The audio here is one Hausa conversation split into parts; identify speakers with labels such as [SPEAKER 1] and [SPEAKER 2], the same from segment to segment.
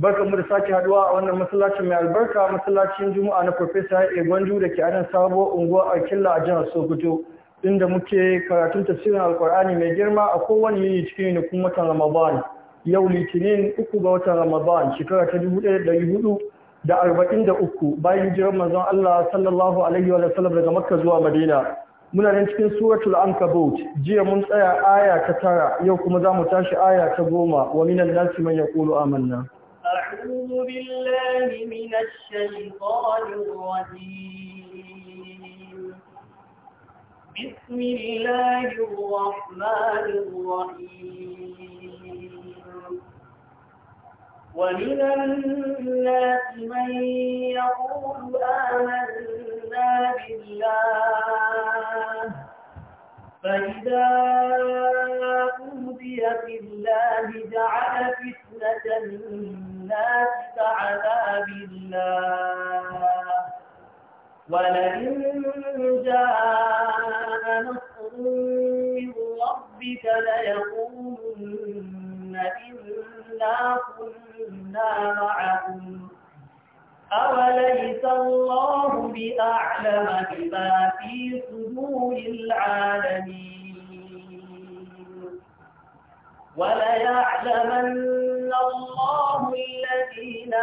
[SPEAKER 1] mu da sake haduwa a wannan masallacin mai albarka masallacin juma'a na professor ya da ke anan sabo unguwa a killa a jihar sokoto inda muke karatun tafsirin alkur'ani mai girma a kowane yini cikin yanakun watan ramadan yau litinin uku ga watan ramadan shekara ta dubu ɗaya da hudu da arba'in da uku bayan hijirar manzon allah sallallahu alaihi wa sallam daga makka zuwa madina muna nan cikin suratul ankabut jiya mun tsaya aya ta tara yau kuma za mu tashi aya ta goma wa minan nasi man yaqulu amanna
[SPEAKER 2] أعوذ بالله من الشيطان الرجيم بسم الله الرحمن الرحيم ومن الناس من يقول آمنا بالله فإذا أوذي في الله جعل فتنة الناس كعذاب الله ولئن جاء نصر من ربك ليقولن إنا كنا معكم أوليس الله بأعلم بما في صدور العالمين وليعلمن الله الذين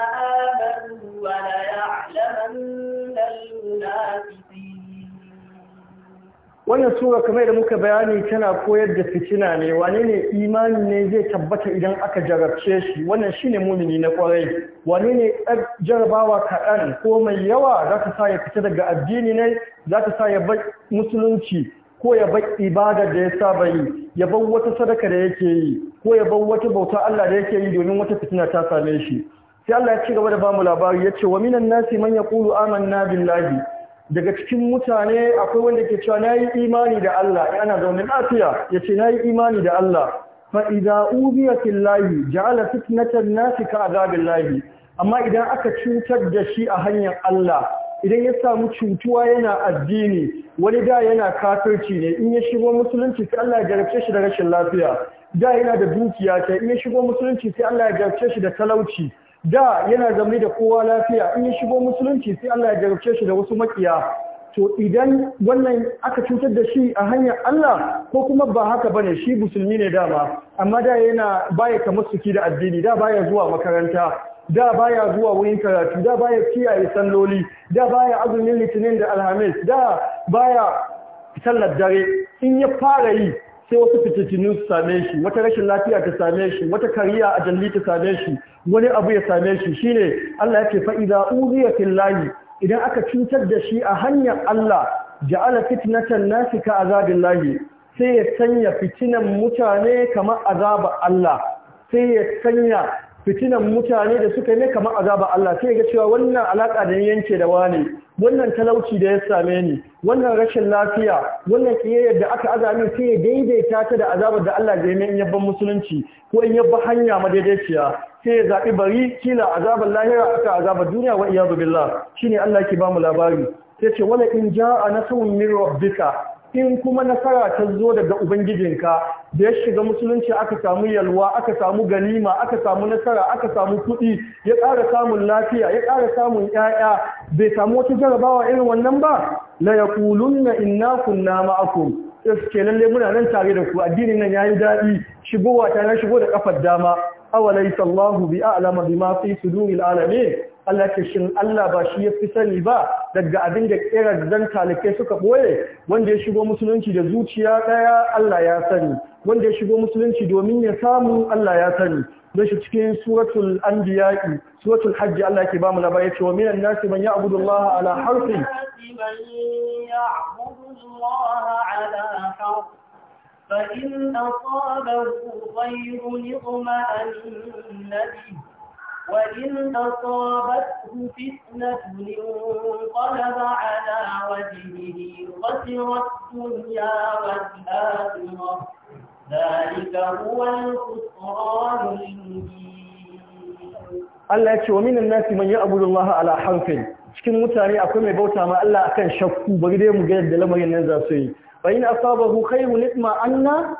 [SPEAKER 1] wannan sura kamar da muka bayani tana koyar da fitina ne wane ne imani ne zai tabbata idan aka jarabce shi wannan shine mumini na kwarai wane ne jarabawa kaɗan ko mai yawa za ta sa ya fita daga addini ne za ta sa ya bar musulunci ko ya bar ibada da ya saba yi ya bar wata sadaka da yake yi ko ya bar wata bauta Allah da yake yi domin wata fitina ta same shi sai Allah ya ci gaba da bamu labari yace wa minan nasi man yaqulu amanna billahi daga cikin mutane akwai wanda ke cewa nayi imani da Allah in ana zaune lafiya yace nayi imani da Allah fa idza ubiya fillahi ja'ala fitnatan nasi ka azabillahi amma idan aka cutar da shi a hanyar Allah idan ya samu cutuwa yana addini wani da yana kafirci ne in ya shigo musulunci sai Allah ya jarabce shi da rashin lafiya da yana da dukiya ta in ya shigo musulunci sai Allah ya jarabce shi da talauci da yana zaune da kowa lafiya in ya shigo musulunci sai Allah ya jarabce shi da wasu makiya to idan wannan aka cutar da shi a hanyar Allah ko kuma ba haka bane shi musulmi ne dama amma da yana baya suki da addini da baya zuwa makaranta da baya zuwa wurin karatu da baya kiyaye salloli da baya azumin litinin da alhamis da baya sallar dare in ya fara yi sai wasu fitintinu su same shi wata rashin lafiya ta same shi wata kariya a jalli ta same shi wani abu ya same shi shine Allah yake fa idza uziya fillahi idan aka cutar da shi a hanyar Allah ja'ala fitnatan nasi ka azabillahi sai ya sanya fitinan mutane kamar azaba Allah sai ya sanya fitinan mutane da suka yi ne kamar azaba Allah sai ga cewa wannan alaka da yanke da wani wannan talauci da ya same ni wannan rashin lafiya wannan ƙiyayyar da aka azami sai ya daidaita ta da azabar da Allah ya zai in yabban musulunci ko in yabba hanya madaidaiciya sai ya zaɓi bari kila azabar lahira aka azaba duniya wa iyadu billah shine Allah ke ba mu labari sai ce wala in ja'a nasrun min rabbika in kuma nasara ta zo daga ubangijinka da ya shiga musulunci aka samu yalwa aka samu ganima aka samu nasara aka samu kuɗi ya ƙara samun lafiya ya ƙara samun ƴaƴa bai samu wata jarabawa irin wannan ba la yaqulunna inna kunna ma'akum suke lalle muna nan tare da ku addinin nan yayi daɗi shigowa ta na shigo da kafar dama awalaita Allahu bi a'lama bima fi suduril alamin Allah ce shin Allah ba shi ya fi sani ba daga abin da kirar zan talikai suka boye wanda ya shigo musulunci da zuciya ɗaya Allah ya sani wanda ya shigo musulunci domin ya samu Allah ya sani don shi cikin suratul anbiya'i suratul hajji Allah ke ba mu labari cewa minan nasi man ya'budu Allah ala harfi
[SPEAKER 2] فإن أصابه خير اطمأن به وإن أصابته فتنة انقلب على وجهه خسر الدنيا والآخرة ذلك هو الخسران المبين
[SPEAKER 1] Allah ya ce wa minan nasi man ya'budu Allah ala harfin cikin mutane akwai mai bauta ma Allah akan shakku bari dai mu ga yadda lamarin nan za su yi fa in asabahu khayrun itma anna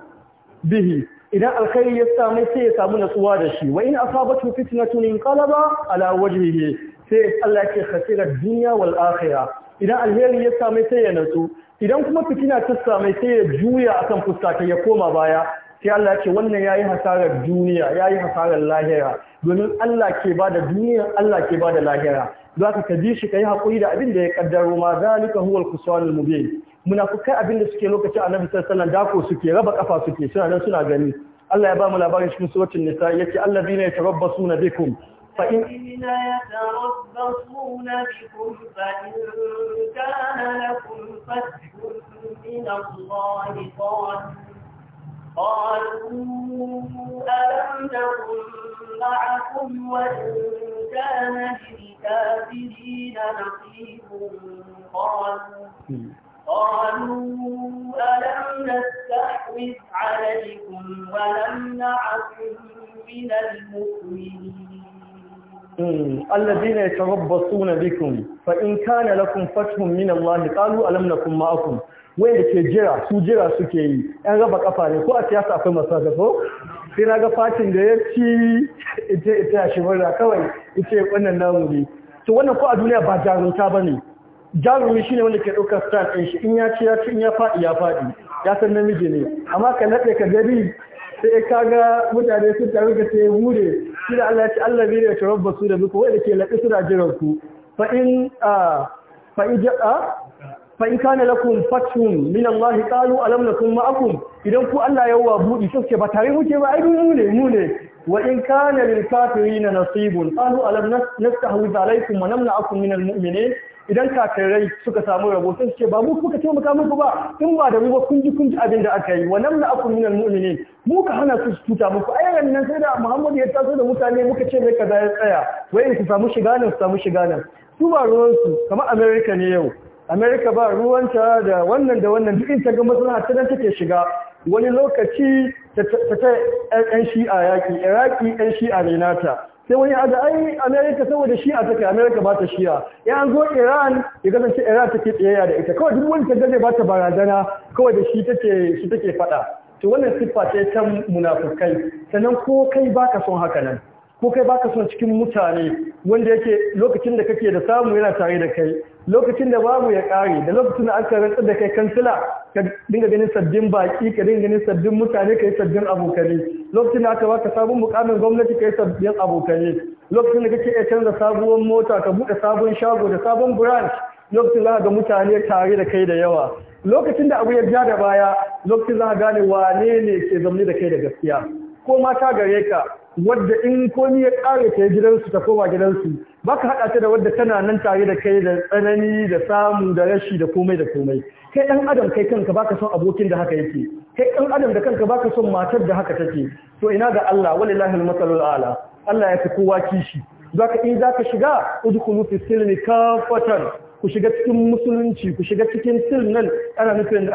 [SPEAKER 1] bihi idan alkhairi ya samu sai ya samu natsuwa da shi wa in asabatu fitnatun inqalaba ala wajhihi sai Allah ke khasira dunya wal akhirah idan alheri ya samu sai ya natsu idan kuma fitina ta samu sai ya juya akan fuska ta ya koma baya sai Allah ce wannan yayi hasarar duniya yayi hasarar lahira domin Allah ke bada duniya Allah ke bada lahira zaka ka ji shi kai hakuri da abin da ya kaddaro ma zalika huwal kusanul mubin munafukai abin da suke lokacin annabi sallallahu alaihi dako suke raba kafa suke suna nan suna gani Allah ya ba mu labarin cikin suratul nisa yace allazina yatarabbasuna bikum fa in
[SPEAKER 2] yatarabbasuna bikum fa in kana lakum fathun قالوا ألم نكن معكم وإن كان للكافرين نصيب قالوا قالوا ألم نستحوذ عليكم ولم نعكم من المؤمنين
[SPEAKER 1] الذين يتربصون بكم فإن كان لكم فتح من الله قالوا ألم نكن معكم wanda ke jira su jira suke yi yan raba kafa ne ko a siyasa akwai masu ko sai na ga fatin da ya ci ita ita shi murna kawai ita wannan namu ne to wannan ko a duniya ba ba ne. jarumi shi ne wanda ke ɗaukar stan ɗin shi in ya ci ya ci in ya faɗi ya faɗi ya san namiji ne amma ka naɗe ka gari sai ka ga mutane sun taru ka sai mure shi da Allah ya ce Allah bai da tarabba su da muku wanda ke laƙi su da jiran ku fa in fa in ja'a fa in kana lakum fathun min Allah qalu alam nakum ma'akum idan ku Allah ya wa budi ce ba tare muke ba ai mu ne mu ne wa in kana lil kafirin nasibun qalu alam nastahwiz alaykum wa namna'akum min al idan kakarai suka samu rabo sai ce ba mu kuka taimaka muku ba in ba da mu ba kun ji kun ji abin da aka yi wannan na akun minal mu'minin mu ka hana su tuta muku ai nan sai da Muhammadu ya taso da mutane muka ce mai kaza ya tsaya wai su samu shiga nan su samu shiga nan su ba ruwan su kamar America ne yau America ba ruwanta da wannan da wannan duk in ta ga masana ta nan take shiga wani lokaci ta ta ta shi'a yaki iraki 'yan shi'a ta nata sai wani ada ai amerika saboda shi'a take amerika ba ta shi'a ya an zo iran ya kasance iran take tsayayya da ita kawai duk wani ta kaga ba ta barazana kawai da shi take shi take fada to wannan siffa ce ta munafukai sannan ko kai baka son haka nan ko kai baka son cikin mutane wanda yake lokacin da kake da samu yana tare da kai lokacin da babu ya kare da lokacin da aka rantsa da kai kansila ka dinga ganin sabbin baki ka dinga ganin sabbin mutane ka yi sabbin abokane lokacin da aka baka sabon mukamin gwamnati ka yi sabbin abokane lokacin da kake iya canza sabuwar mota ka buɗe sabon shago da sabon branch lokacin za ga mutane tare da kai da yawa lokacin da abu ya ja da baya lokacin za ka gane wane ne ke zaune da kai da gaskiya ko mata gare ka wadda in komi ya ƙare ta gidansu ta koma gidansu ba ka haɗa ta da wadda tana nan tare da kai da tsanani da samu da rashi da komai da komai kai ɗan adam kai kanka baka son abokin da haka yake kai ɗan adam da kanka baka son matar da haka take to ina ga Allah walillahi al-masalul ala Allah ya fi kowa kishi zaka in eh, zaka shiga udkhulu fi silmi kafatan ku shiga cikin musulunci ku shiga cikin sirr nan ana nufin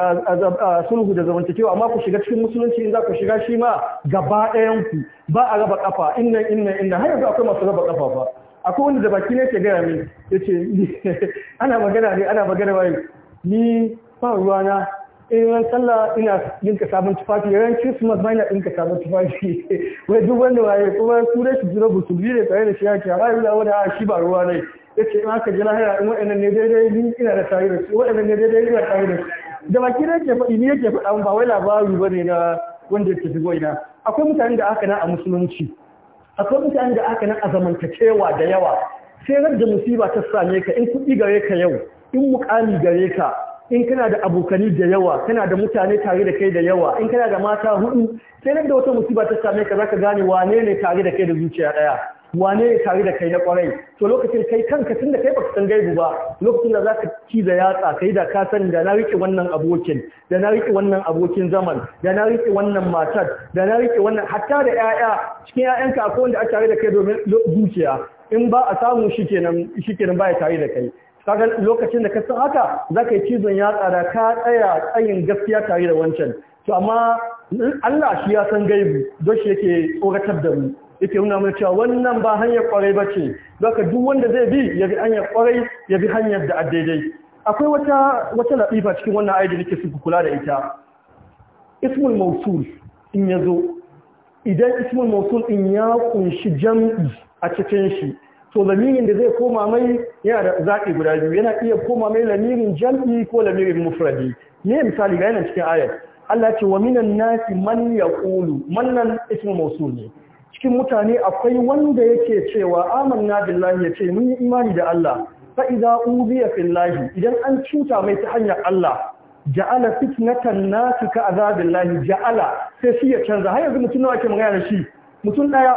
[SPEAKER 1] sulhu da zamantakewa amma ku shiga cikin musulunci in za ku shiga shi ma gaba ɗayan ku ba a raba kafa inna inna inna har yanzu akwai masu raba kafa ba akwai wanda da baki ne ke gaya min ya ce ana magana ne ana magana bayan ni ba ruwana in ran sallah ina yinka sabon tufafi ran christmas ba ina yinka sabon tufafi wai duk wanda waye kuma su dai shi jira bu su biyu ne tsaye da shi yake a yi wani a shi ba ruwa ne ya ce in aka ji lahira in waɗannan ne daidai ni ina da tare da su waɗannan ne daidai ina tare da su da baki ne ke faɗi ni yake faɗa ba wai labari ba ne na wanda ke shigo ina akwai mutane da aka na a musulunci akwai mutane da aka nan a zamantakewa da yawa sai da musiba ta same ka in kuɗi gare ka yau in mukami gare ka in kana da abokani da yawa kana da mutane tare da kai da yawa in kana da mata hudu sai da wata musiba ta same ka zaka gane wane ne tare da kai da zuciya daya wane ya tare da kai na kwarai to lokacin kai kanka tun da kai baka san gaibu ba lokacin da zaka ci da yatsa kai da ka sani da na rike wannan abokin da na rike wannan abokin zaman da na rike wannan matar da na rike wannan hatta da ƴaƴa cikin ƴaƴanka akwai wanda a tare da kai domin dukiya in ba a samu shikenan kenan ba ya tare da kai kaga lokacin da ka san haka zaka yi cizon yatsa da ka tsaya tsayin gaskiya tare da wancan to amma Allah shi ya san gaibu don shi yake tsoratar da mu yake nuna mana cewa wannan ba hanyar kwarai ba ce zaka duk wanda zai bi ya bi hanyar kwarai ya bi hanyar da daidai akwai wata wata latifa cikin wannan ayi da nake so kula da ita ismul mawsul in yazo idan ismul mawsul in ya kunshi jam'i a cikin shi to lamirin da zai koma mai yana da zaki guda biyu yana iya koma mai lamirin jam'i ko lamirin mufradi ne misali ga yana cikin ayat Allah ce wa minan nasi man yaqulu man nan ismul mawsul ne cikin mutane akwai wanda yake cewa amanna billahi yace mun yi imani da Allah fa idza uziya fillahi idan an cuta mai ta hanyar Allah ja'ala fitnatan nasi ka azabillahi ja'ala sai shi ya canza har yanzu mutum nawa ake magana da shi mutum daya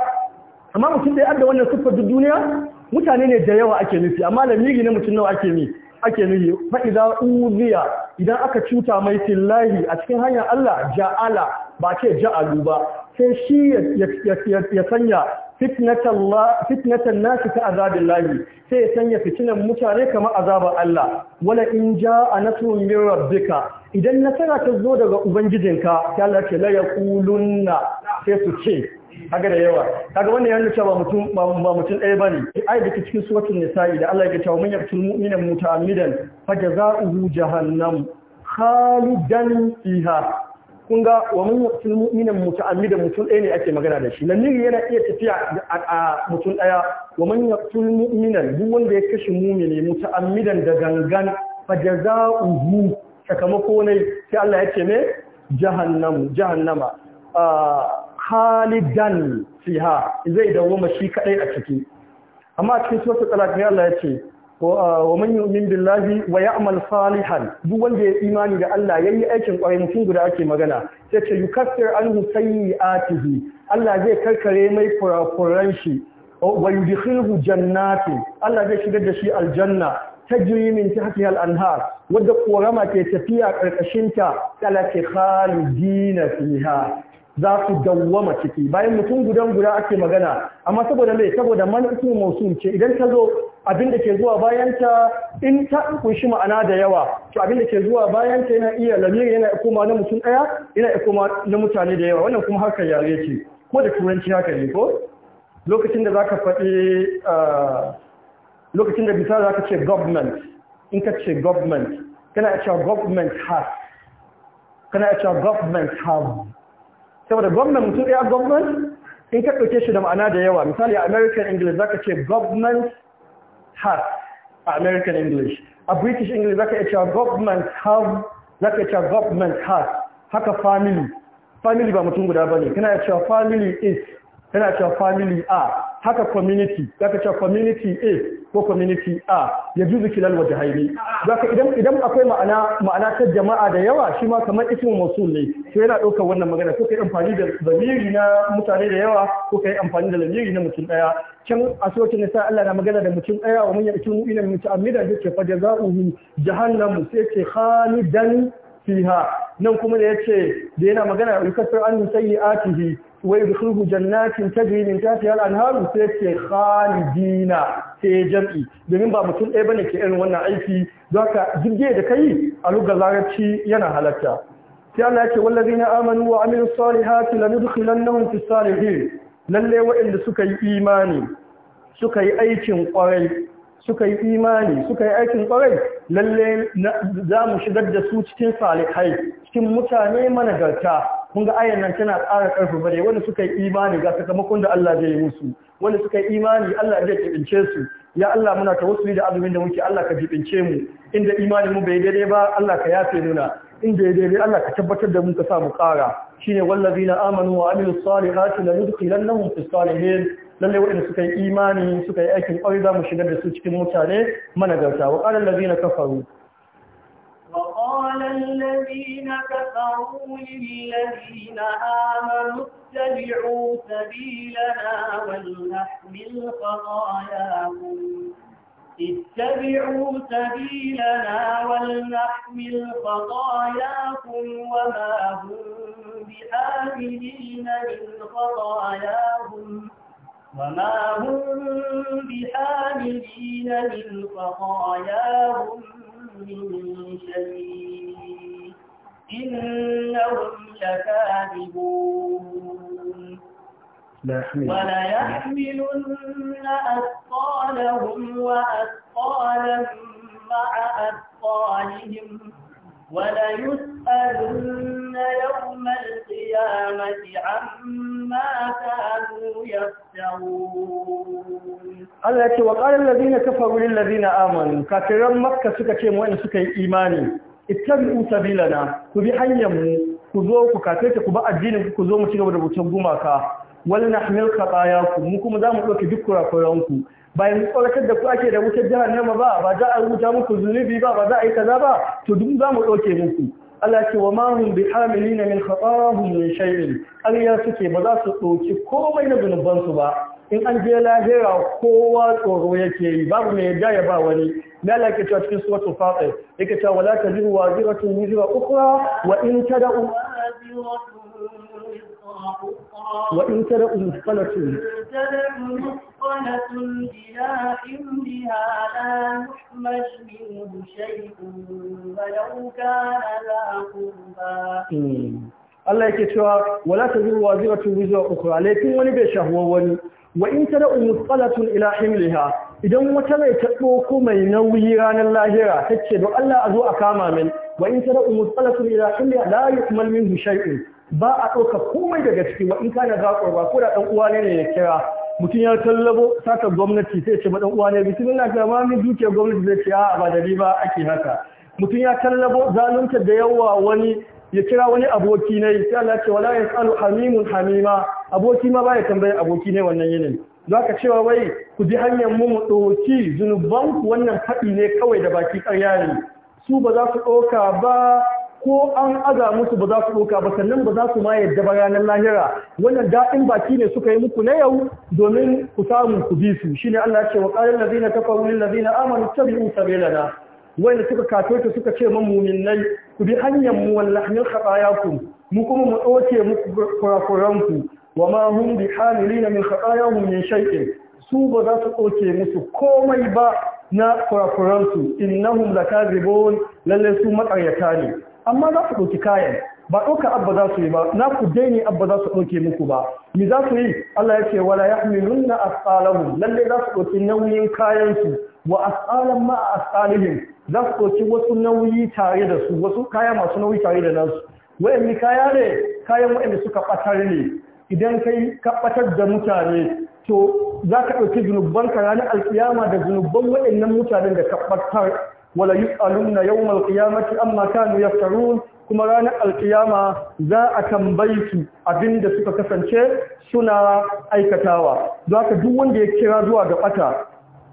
[SPEAKER 1] amma mutum ya adda wannan siffar duniya mutane ne da yawa ake nufi amma lamiri ne mutum nawa ake nufi ake nufi fa idza uziya idan aka cuta mai fillahi a cikin hanyar Allah ja'ala ba ce ja'alu ba sai shi ya sanya fitnatan nasu ta azabin lahi sai ya sanya fitinan mutane kamar azabar Allah wala in ja a nasu min rabbika idan nasara ta zo daga ubangijinka ta Allah ce la yaqulunna sai su ce kaga da yawa kaga wannan yana cewa mutum ba mutum ɗaya bane ai da ke cikin suratul nisa'i da Allah ya ce mun yaqtul fage muta'ammidan fa jazaohu jahannam khalidan fiha kun ga wa mun yaqtul mu'mina muta'ammidan mutum ɗaya ne ake magana da shi lamiri yana iya tafiya a mutum ɗaya wa mun yaqtul mu'mina duk wanda ya kashe mu'mini muta'ammidan da gangan fa jazaohu sakamako ne sai Allah ya ce me jahannam jahannama khalidan fiha zai dawo shi kaɗai a ciki amma cikin suratul talatin ne Allah ya ce Uh, wa man yu'min billahi wa ya'mal salihan duk wanda ya imani da Allah yayi aikin kwarai mutum guda ake magana sai ce yukaffir anhu sayyi'atihi Allah zai karkare mai kurakuran shi wa yudkhilhu jannatin Allah zai shigar da shi aljanna tajri min tahtiha al-anhar wadda korama ke tafiya karkashin ta kala ke khalidina fiha za su dawwama ciki bayan mutum gudan guda ake magana amma saboda mai saboda man ismu mausul ce idan ta zo abin da ke zuwa bayan ta in ta kunshi ma'ana da yawa to abin da ke zuwa bayan ta yana iya lamiri yana koma na mutum daya yana koma na mutane da yawa wannan kuma haka yare ce ko da turanci haka ne ko lokacin da zaka faɗi lokacin da bisa zaka ce government in ka ce government kana cewa government has kana cewa government have saboda gwamnan mutum ɗaya gwamnan in ka ɗauke shi da ma'ana da yawa misali a american english zaka ce government has a american english a british english zaka iya cewa government have zaka ce cewa government has haka family family ba mutum guda bane kana iya cewa family is yana cewa family a haka community zaka cewa community a ko community a ya juzu kilal waje haini zaka idan idan akwai ma'ana ma'ana ta jama'a da yawa shi ma kamar ismu mausul ne to yana ɗaukar wannan magana ko kai amfani da zamiri na mutane da yawa ko kai amfani da zamiri na mutum daya can a sokin nisa Allah na magana da mutum ɗaya wa mun ya mutum ina mutum amida da ke fa jazaohu jahannamu sai ce khalidan fiha nan kuma da yace da yana magana yukaffir anhu sayyi'atihi wa yadkhuluhu jannatin tajri min tahtiha al-anhar sai yace khalidina sai jam'i domin ba mutum ɗaya bane ke irin wannan aiki zaka jirge da kai a lugar larabci yana halatta sai Allah yace wallazina amanu wa amilus salihati lanudkhilannahum fis salihin lalle waɗanda suka yi imani suka yi aikin kwarai suka yi imani suka yi aikin kwarai lalle za mu shigar da su cikin salihai cikin mutane managarta kun ga ayan nan tana ƙara ƙarfi bare wanda suka yi imani ga sakamakon da Allah zai yi musu wanda suka yi imani Allah zai kibince su ya Allah muna tawassuli da azumin da muke Allah ka jibince mu inda imanin mu bai daidai ba Allah ka yafe nuna inda ya daidai Allah ka tabbatar da mu ka sa mu ƙara shine wallazina amanu wa amilus salihati yudkhilannahum fis salihin لن يقول suka yi imani suka yi aikin ƙwari za mu shigar da su cikin mutane managarta wa ƙalar
[SPEAKER 2] وقال الذين كفروا للذين آمنوا اتبعوا سبيلنا ولنحمل خطاياكم اتبعوا سبيلنا ولنحمل خطاياكم وما هم بآمنين من خطاياهم وما هم بحاملين من خطاياهم من شيء إنهم لكاذبون وليحملن أثقالهم وأثقالا مع أثقالهم وليسألن يوم القيامة عما كانوا يفترون
[SPEAKER 1] Allah ya ce wa ƙarar lalzina wurin lazina amanu kafiran makka suka ce wani suka yi imani ittabi'u sabilana ku bi hanyar mu ku zo ku kafirta ku ba addinin ku kuzo mu ci gaba da bucin gumaka wal nahmil khatayakum mu kuma zamu mu ɗauke duk kurakuranku bayan tsorakar da ku ake da wutar jahannama ba ba za a rubuta muku zunubi ba ba za a yi kaza ba to duk za mu ɗauke muku Allah ce wa ma hum na min khatahum min shay'in Allah suke ba za su ɗauki komai na zunuban ba in an je lahira kowa tsoro yake yi babu mai yadda ya ba wani da ke cikin yake wala wa wa in
[SPEAKER 2] wa in مثقلة إلى حملها لا يحمل منه شيء ولو كان ذا قربى
[SPEAKER 1] hmm. Allah yake cewa wala ta taziru waziratun wizra ukhra lakin wani bai shahuwa wani wa in ta tada'u mutqalatun ila himliha idan wata mai ta ko mai nauyi ranar lahira ta ce don Allah a zo a kama min wa in ta tada'u mutqalatun ila himliha la yukmal minhu shay'un ba a ɗauka komai daga ciki wa in kana za ko da ɗan uwa ne ne ya kira mutum ya tallabo saka gwamnati sai ce maɗan uwa ne nuna ga ma min dukiyar gwamnati zai ce a ba da riba ake haka mutum ya tallabo zalunta da yawa wani ya kira wani aboki ne sai Allah ce wala yasalu hamimun hamima aboki ma ba ya tambayar aboki ne wannan yanayi zaka cewa wai ku ji hanyar mu mu doki zunuban ku wannan faɗi ne kawai da baki ƙarya ne su ba za su ɗauka ba ko an aza musu ba za su ɗauka ba sannan ba za su ma yadda ba ranar lahira wannan daɗin baki ne suka yi muku na yau domin ku samu ku bi su shine Allah ya ce wa qalan ladina kafaru lil ladina amanu tabi'u sabilana wanda suka kafirta suka ce man mu'minai ku bi hanyar mu wallahi khatayakum mu kuma mu ɗauke muku kurakuranku wa ma hum bi hamilina min khatayahum min shay'in su ba za su ɗauke musu komai ba na kurakuransu innahum lakazibun lalle su maƙaryata ne amma za su ɗauki kayan ba ɗauka abba za su yi ba na ku daini abba za su ɗauke muku ba mi za su yi Allah ya ce wala a asqalahum lalle za su ɗauki nauyin kayansu. su wa asqalan ma a asqalihim za su ɗauki wasu nauyi tare da su wasu kaya masu nauyi tare da nasu mi kaya ne kayan wayanda suka ɓatar ne idan kai ka ɓatar da mutane to za ka ɗauki ka ranar alƙiyama da zunuban waɗannan mutanen da ka ɓatar wala yus'aluna yawmal qiyamati amma kanu yaftarun kuma ranar alkiyama za a tambayi abinda suka kasance suna aikatawa zaka duk wanda ya kira zuwa ga bata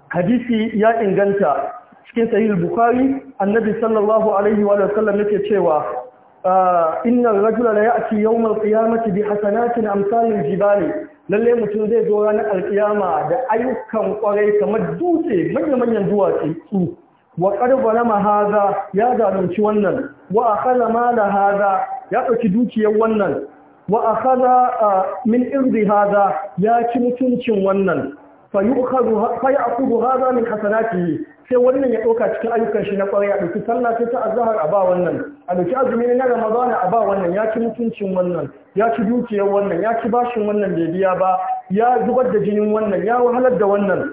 [SPEAKER 1] hadisi ya inganta cikin sahih bukhari annabi sallallahu alaihi wa sallam yake cewa inna ar-rajula la ya'ti yawm biyu qiyamati bi hasanatin amsal jibali lalle mutum zai zo ranar alkiyama da ayyukan kwarai kamar dutse manyan manyan duwatsu wa qarbala ma ya zalunci wannan wa akhadha mala haza ya ɗauki dukiyar wannan wa akhadha min irzi haza ya ci mutuncin wannan fa yu'khadhu fa ya'khudhu hadha ke yi. sai wannan ya ɗauka cikin ayyukan shi na ƙwarya a ɗauki sallah sai ta azahar a ba wannan a ɗauki azumi na ramadana a ba wannan ya ci mutuncin wannan ya ci dukiyar wannan ya ci bashin wannan bai biya ba ya zubar da jinin wannan ya wahalar da wannan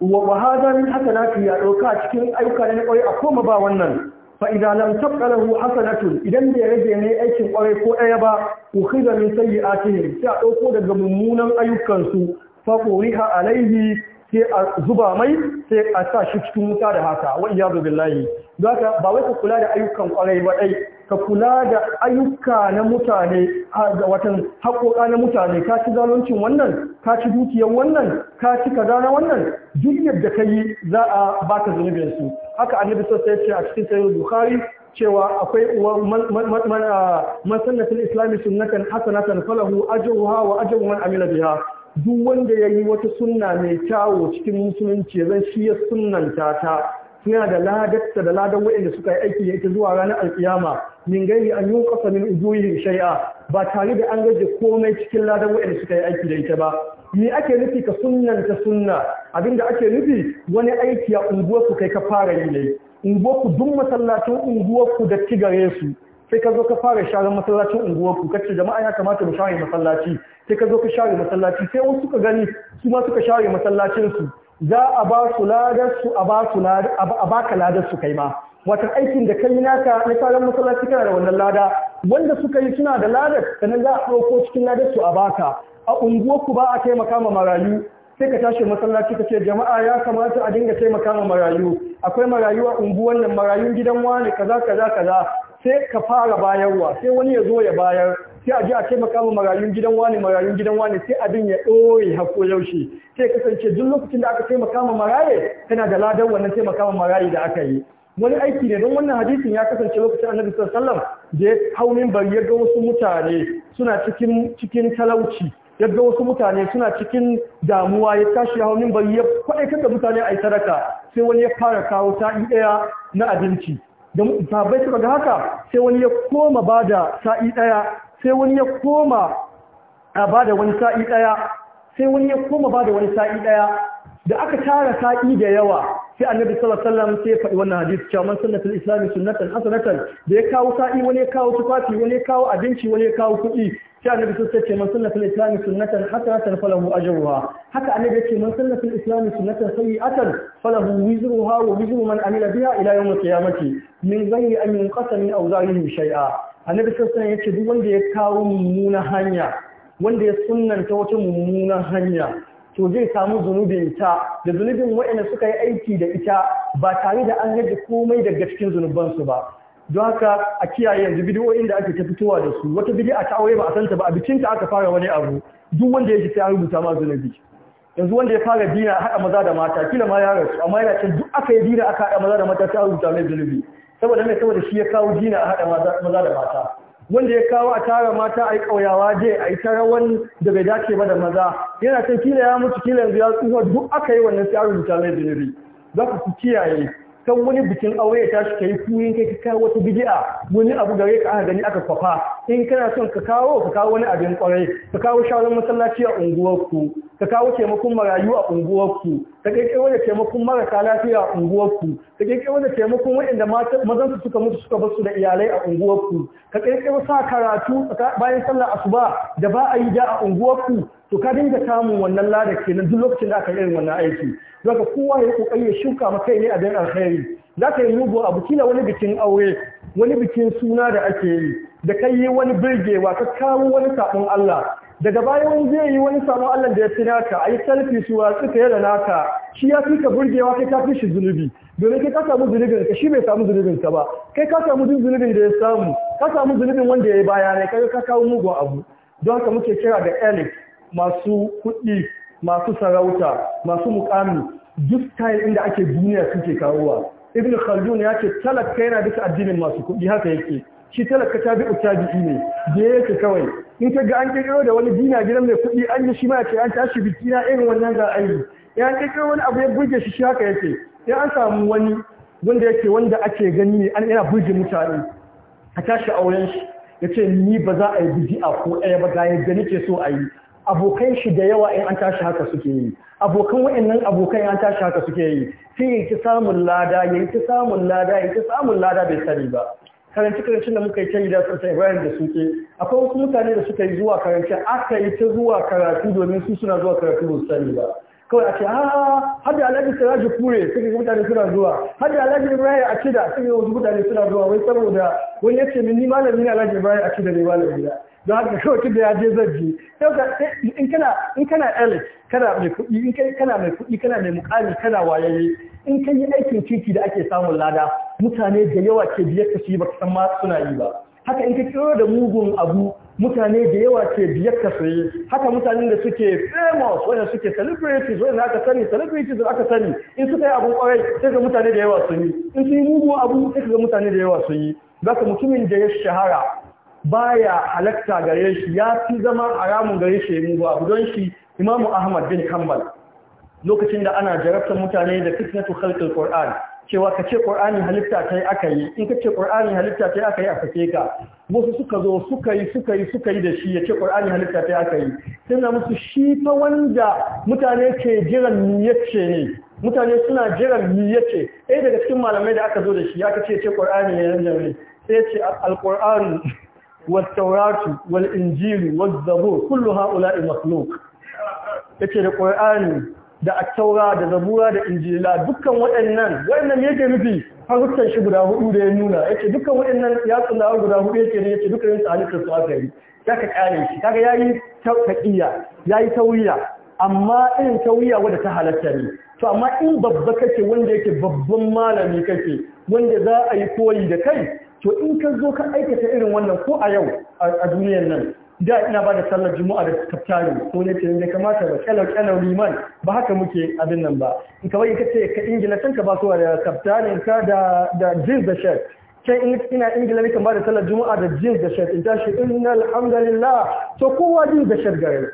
[SPEAKER 1] wa hada min hasanati ya dauka cikin ayyuka na kwarai a koma ba wannan fa idan lam tabqalahu hasanatun idan bai rage ne aikin kwarai ko ɗaya ba ukhidha min sayyi'atihim sai a dauko daga mummunan ayyukan su fa quriha alaihi sai a zuba mai sai a sa shi cikin wuta da haka wa iyazu billahi don haka ba wai ka kula da ayyukan kwarai ba dai ka kula da ayyuka na mutane a watan haƙoƙa na mutane ka ci zaluncin wannan ka ci dukiyar wannan ka ci kaza na wannan duk yadda ka yi za a baka zunubin su haka annabi sosai ya ce a cikin sahih bukhari cewa akwai masannatin sannatin islami sunnatan hasanatan falahu ajruha wa ajru man amila biha duk wanda ya yi wata sunna mai kyawo cikin musulunci zan shi ya sunnanta ta suna da ladatta da ladan waɗanda suka yi aiki ita zuwa ranar alkiyama min gani an yi kasa min ujuyin shai'a ba tare da an gaje komai cikin ladan waɗanda suka yi aiki da ita ba me ake nufi ka ta sunna abinda ake nufi wani aiki a unguwarku kai ka fara yi ne unguwarku duk masallacin unguwarku da tigare su sai ka zo ka fara sharar masallacin unguwarku kace jama'a ya kamata mu share masallaci sai ka zo ka share masallaci sai wasu suka gani su ma suka share masallacin su za a ba su ladar su a ba su ladar a baka ladar su kai ma wata aikin da kai naka na sharar masallaci kana da wannan lada wanda suka yi suna da ladar sannan za a dauko cikin ladar su a baka a unguwarku ba a taimaka ma marayu sai ka tashi masallaci ka ce jama'a ya kamata a dinga taimaka ma marayu akwai marayu a unguwan nan marayun gidan wani kaza kaza kaza sai ka fara bayarwa sai wani ya zo ya bayar sai a ji a kai ma marayun gidan wani marayun gidan wani sai abin ya ɗore hako yaushe sai kasance duk lokacin da aka taimaka ma maraye kana da ladan wannan taimaka ma maraye da aka yi wani aiki ne don wannan hadisin ya kasance lokacin annabi sallallahu alaihi wasallam da ya hau bari ya ga wasu mutane suna cikin talauci ya ga wasu mutane suna cikin damuwa ya tashi hau bari ya kwaɗaitar da mutane a yi sadaka sai wani ya fara kawo ta'i ɗaya na abinci don sabai suka ga haka sai wani ya koma ba da sa'i ɗaya sai wani ya koma a ba da wani sa'i ɗaya sai wani ya koma ba da wani sa'i ɗaya da aka tara sa'i da yawa sai annabi sallallahu alaihi wasallam sai faɗi wannan hadisi cewa man sunnatul islam sunnatan hasanatan da ya kawo sa'i wani ya kawo tufafi wani ya kawo abinci wani ya kawo kuɗi sai annabi sai ce man sunnatul sunnatan hasanatan falahu ajruha haka annabi ce man sunnatul islam sunnatan sayyi'atan falahu wizruha wa wizru man amila biha ila yawm al-qiyamati min ghayri an yunqasa min shay'a annabi sallallahu alaihi yace duk wanda ya kawo mummunan hanya wanda ya sunnanta wata mummunan hanya to zai samu zunubin ta da zunubin waɗanda suka yi aiki da ita ba tare da an rage komai daga cikin zunubansu ba don haka a kiyaye yanzu bidiyoyin da ake ta fitowa da su wata bidiyo ta aure ba a santa ba a bikin ta aka fara wani abu duk wanda yake ta ya rubuta ma zunubi yanzu wanda ya fara dina haɗa maza da mata kila ma ya rasu amma yana cin duk aka yi dina aka haɗa maza da mata ta rubuta mai zunubi saboda mai saboda shi ya kawo dina a haɗa maza da mata wanda ya kawo a tara mata a yi ƙauyawa je a yi tara wani da bai dace ba da maza yana kan kila ya mutu kila yanzu ya duk aka yi wannan tsarin mutane da mai za ku kiyaye kan wani bikin aure ya tashi kai kuyin kai ka kawo wata bid'a wani abu gare ka aka gani aka kwafa in kana son ka kawo ka kawo wani abin kwarai ka kawo shawarar masallaci a unguwarku ka kawo taimakon marayu a unguwarku ka kai da taimakon marasa lafiya a unguwarku ka kai da taimakon waɗanda mazan su suka mutu suka basu da iyalai a unguwarku ka kirkiro sa karatu bayan sallar asuba da ba a yi da a unguwarku to ka dinga samun wannan lada nan duk lokacin da aka yi wannan aiki zaka kowa ya kokari ya shuka maka ne a dan alkhairi zaka yi mugu abu kila wani bikin aure wani bikin suna da ake yi da kai yi wani birgewa ka kawo wani sabon Allah daga baya wani zai yi wani sabon Allah da ya fi naka a yi selfie su watsu ka da naka shi ya fi ka burgewa kai ka fi shi zunubi domin kai ka samu zunubin ka shi bai samu zunubin ka ba kai ka samu duk zunubin da ya samu ka samu zunubin wanda ya yi baya ne kai ka kawo mugun abu don haka muke kira da elif masu kuɗi masu sarauta masu mukami duk kayan inda ake duniya suke kawowa ibn khaldun ya ce talaka yana duka addinin masu kuɗi haka yake shi talaka ta bi'u tabi'i ne da yake kawai in ka ga an kirkiro da wani dina gidan mai kuɗi an yi shi ma ce an tashi biki na irin wannan ga ayi ya kirkiro wani abu ya burge shi shi haka yake ya an samu wani wanda yake wanda ake gani ne an yana burge mutane a tashi auren shi ya ce ni ba za a yi a ko ɗaya ba ga yadda nake so a yi abokan shi da yawa in an tashi haka suke yi abokan wa'annan abokan an tashi haka suke yi sai ya samun lada ya samun lada ya samun lada bai sani ba karanci karancin da muka yi ta gida sassan ibrahim da suke akwai wasu mutane da suka yi zuwa karanci aka yi ta zuwa karatu domin su suna zuwa karatu ba su sani ba kawai a ce ha ha, da alhaji siraji kure suka ga mutane suna zuwa har da alhaji ibrahim a cida suka ga wasu mutane suna zuwa wai saboda wani ya ce min ni malami ne alhaji ibrahim a cida ne malami don haka kawai tun da ya je zai je in kana in kana kana mai kuɗi in kai kana mai kuɗi kana mai mukami kana wayaye in kan yi aikin kirki da ake samun lada mutane da yawa ke biyar ka ba baka san ma suna yi ba haka in ka kiro da mugun abu mutane da yawa ke biyar ka soye haka mutanen da suke famous wanda suke celebrities wanda aka sani celebrities da aka sani in suka yi abun kwarai sai ga mutane da yawa sun yi in sun yi mugun abu sai ga mutane da yawa sun yi zaka mutumin da ya shahara baya halatta gare shi ya fi zama haramun gare shi mu ba don shi Imam Ahmad bin Hanbal lokacin da ana jarabtar mutane da fitnatu khalqil Qur'an cewa ka ce Qur'ani halitta tai aka yi in ka ce Qur'ani halitta tai aka yi a sake ka wasu suka zo suka yi suka yi suka yi da shi ya ce Qur'ani halitta tai aka yi sai na musu shi fa wanda mutane ke jiran yace ne mutane suna jiran yace ɗaya daga cikin malamai da aka zo da shi ya kace ce Qur'ani ne nan ne sai ce al والتوراة والإنجيل والزبور كل هؤلاء مخلوق yake da Qur'ani da at da Zabura da Injila dukkan waɗannan waɗannan yake nufi harkar shi guda hudu da ya nuna yake dukkan waɗannan ya tsalla guda hudu yake ne yake dukkan su halittar su aka yi zaka kare shi kaga yayi taqiya yayi tawiya amma irin tawiya wadda ta halatta ne to amma in babba kake wanda yake babban malami kake wanda za a yi koyi da kai to in ka zo ka aikata irin wannan ko a yau a duniyar nan da ina ba da sallar juma'a da kaftari ko ne ce da kamata ba kalau kalau liman ba haka muke abin nan ba in ka bai ka ce ka ingila ka ba su da kaftari ka da da jeans da shirt kai in ina ingila ne ba da sallar juma'a da jeans da shirt in tashi inna alhamdulillah to kowa jeans da shirt gare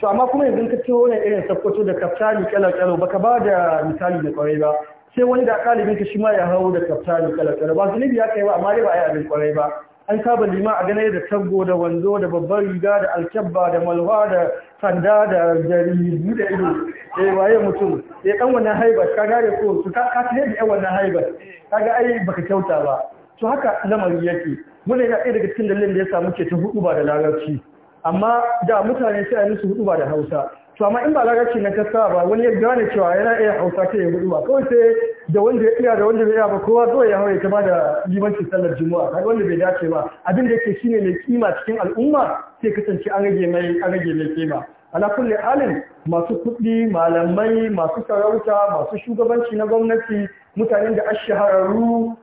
[SPEAKER 1] to amma kuma yanzu ka ce wannan irin sakkwato da kaftari kalau kalau baka ba da misali da kwarai ba sai wani da ɗalibin ka shi ma ya hau da kaftani kalakala ba zunubi ya kai ba amma dai ba a yi abin kwarai ba an saba lima a ganar da taggo da wanzo da babbar riga da alkyabba da malwa da sanda da jaridu da ido da eh, ya waye mutum ya eh, kan wannan haibar ka gare ko su ka ta yadda yan wannan haibar ka ga ai baka kyauta ba to haka lamari yake muna yana ɗaya daga cikin dalilin da ya samu ke ta hudu ba da larabci amma da mutane sai a musu hudu ba da hausa to amma in ba larabci na kasa ba wani ya gane cewa yana iya hausa ta ya gudu ba kawai sai da wanda ya iya da wanda bai iya ba kowa zuwa ya hawaye ta ba da limanci sallar juma'a kaga wanda bai dace ba abin da yake shine mai kima cikin al'umma sai kasance an rage mai an rage mai kima ala kulli halin masu kuɗi malamai masu sarauta masu shugabanci na gwamnati mutanen da ashahararru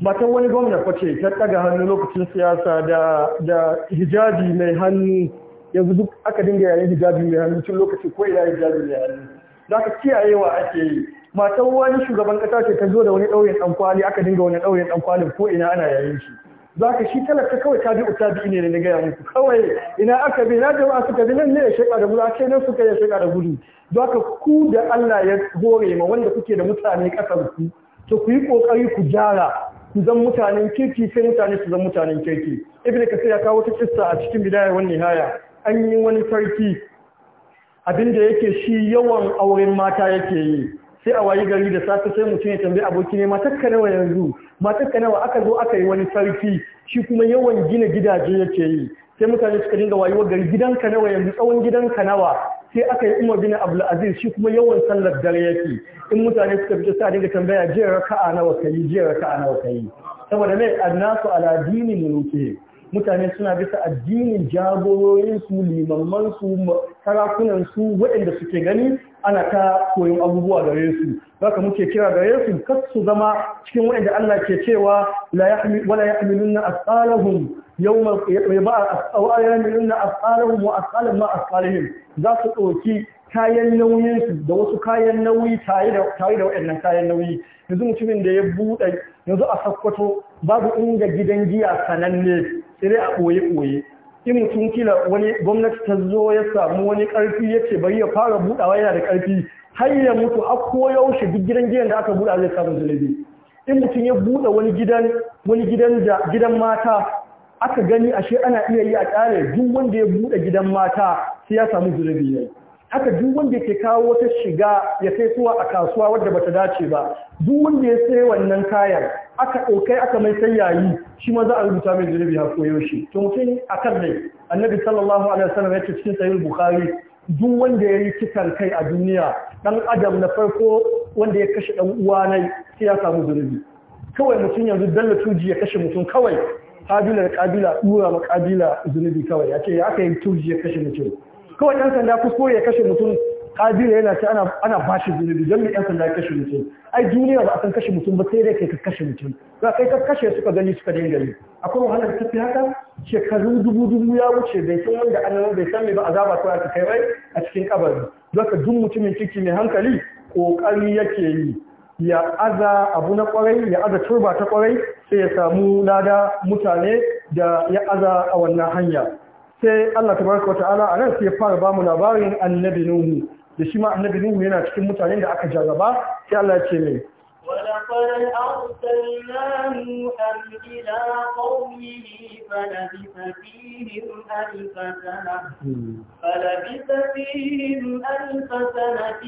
[SPEAKER 1] matan wani gwamna kwace ta ɗaga hannu lokacin siyasa da da hijabi mai hannu yanzu duk aka dinga yayin hijabi mai hannu tun lokaci ko ina hijabi mai hannu za ka kiyayewa ake yi matan wani shugaban kasa ce ta zo da wani ɗauyen ɗan kwali aka dinga wani ɗauyen ɗan ko ina ana yayin shi za ka shi talaka kawai ta biyu ta biyu ne na gaya muku kawai ina aka bi na jama'a suka bi nan ne ya shaƙa da gudu a ce nan suka ya shaƙa da gudu za ka ku da Allah ya hore ma wanda kuke da mutane ƙasar ku to ku yi ƙoƙari ku gyara ku zan mutanen kirki sai mutane su zan mutanen kirki ibn kasir ya kawo ta kissa a cikin bidayar wannan haya an yi wani sarki abinda yake shi yawan auren mata yake yi sai a wayi gari da safe sai mutum ya tambayi aboki ne ka nawa yanzu ka nawa aka zo aka yi wani sarki shi kuma yawan gina gidaje yake yi sai mutane suka dinga wayuwa gari gidanka nawa yanzu tsawon gidan ka nawa sai aka yi umar bin abdulaziz shi kuma yawan sallar dare yake in mutane suka fito sai a dinga tambaya jiya ka'a nawa ka kayi jiyar raka'a nawa ka yi saboda mai annasu ala dini mulki mutane suna bisa addinin jagororinsu limamansu sarakunansu waɗanda suke gani ana ta koyon abubuwa gare su haka muke kira gare su kas su zama cikin waɗanda Allah ke cewa wala yahmilunna asqalahum yawma yaba yau yahmilunna asqalahum wa asqalan ma za su ɗauki kayan nauyinsu da wasu kayan nauyi tare da waɗannan kayan nauyi yanzu mutumin da ya buɗe yanzu a sakkwato babu inda gidan giya sananne sai a ɓoye-ɓoye in mutum kila wani gwamnati ta zo ya samu wani ƙarfi ya ce bari ya fara buɗawa yana da ƙarfi har ya mutu a koyaushe duk gidan gidan da aka buɗa zai samu zunubi in mutum ya buɗe wani gidan wani gidan da gidan mata aka gani ashe ana iya yi a ƙare duk wanda ya buɗe gidan mata sai ya samu zunubi ne haka duk wanda ke kawo wata shiga ya kai suwa a kasuwa wadda bata dace ba duk wanda ya sai wannan kayan aka ɗaukai aka mai sai yayi shi ma za a rubuta mai zunubi har koyo shi to mutum a kan dai annabi sallallahu alaihi wasallam ya ce cikin sahih bukhari duk wanda yayi yi kisan kai a duniya dan adam na farko wanda ya kashe dan uwa nai sai ya samu zunubi kawai mutum yanzu dalla tuji ya kashe mutum kawai kabila da kabila dura ma kabila zunubi kawai ya ce ya aka yi tuji ya kashe mutum kawai ɗan sanda kuskure ya kashe mutum kabila yana ce ana ba zunubi don mai 'yan sanda ya kashe mutum ai duniya ba a san kashe mutum ba sai dai kai ka kashe mutum za kai ka kashe suka gani suka dinga yi akwai wahalar tafi haka Shekaru dubu dubu ya wuce bai san wanda an bai san me ba azaba ko ta kai rai a cikin kabari don ka duk mutumin ciki mai hankali kokari yake yi ya aza abu na kwarai ya aza turba ta kwarai sai ya samu lada mutane da ya aza a wannan hanya sai Allah tabaraka wa ta'ala a nan sai ya fara bamu labarin annabi Nuhu da shi ma annabi Nuhu yana cikin mutanen da aka jarraba sai Allah ya ce mai
[SPEAKER 2] ولقد أرسلنا نوحا إلى قومه فلبث فيهم ألف سنة فلبث فيهم ألف سنة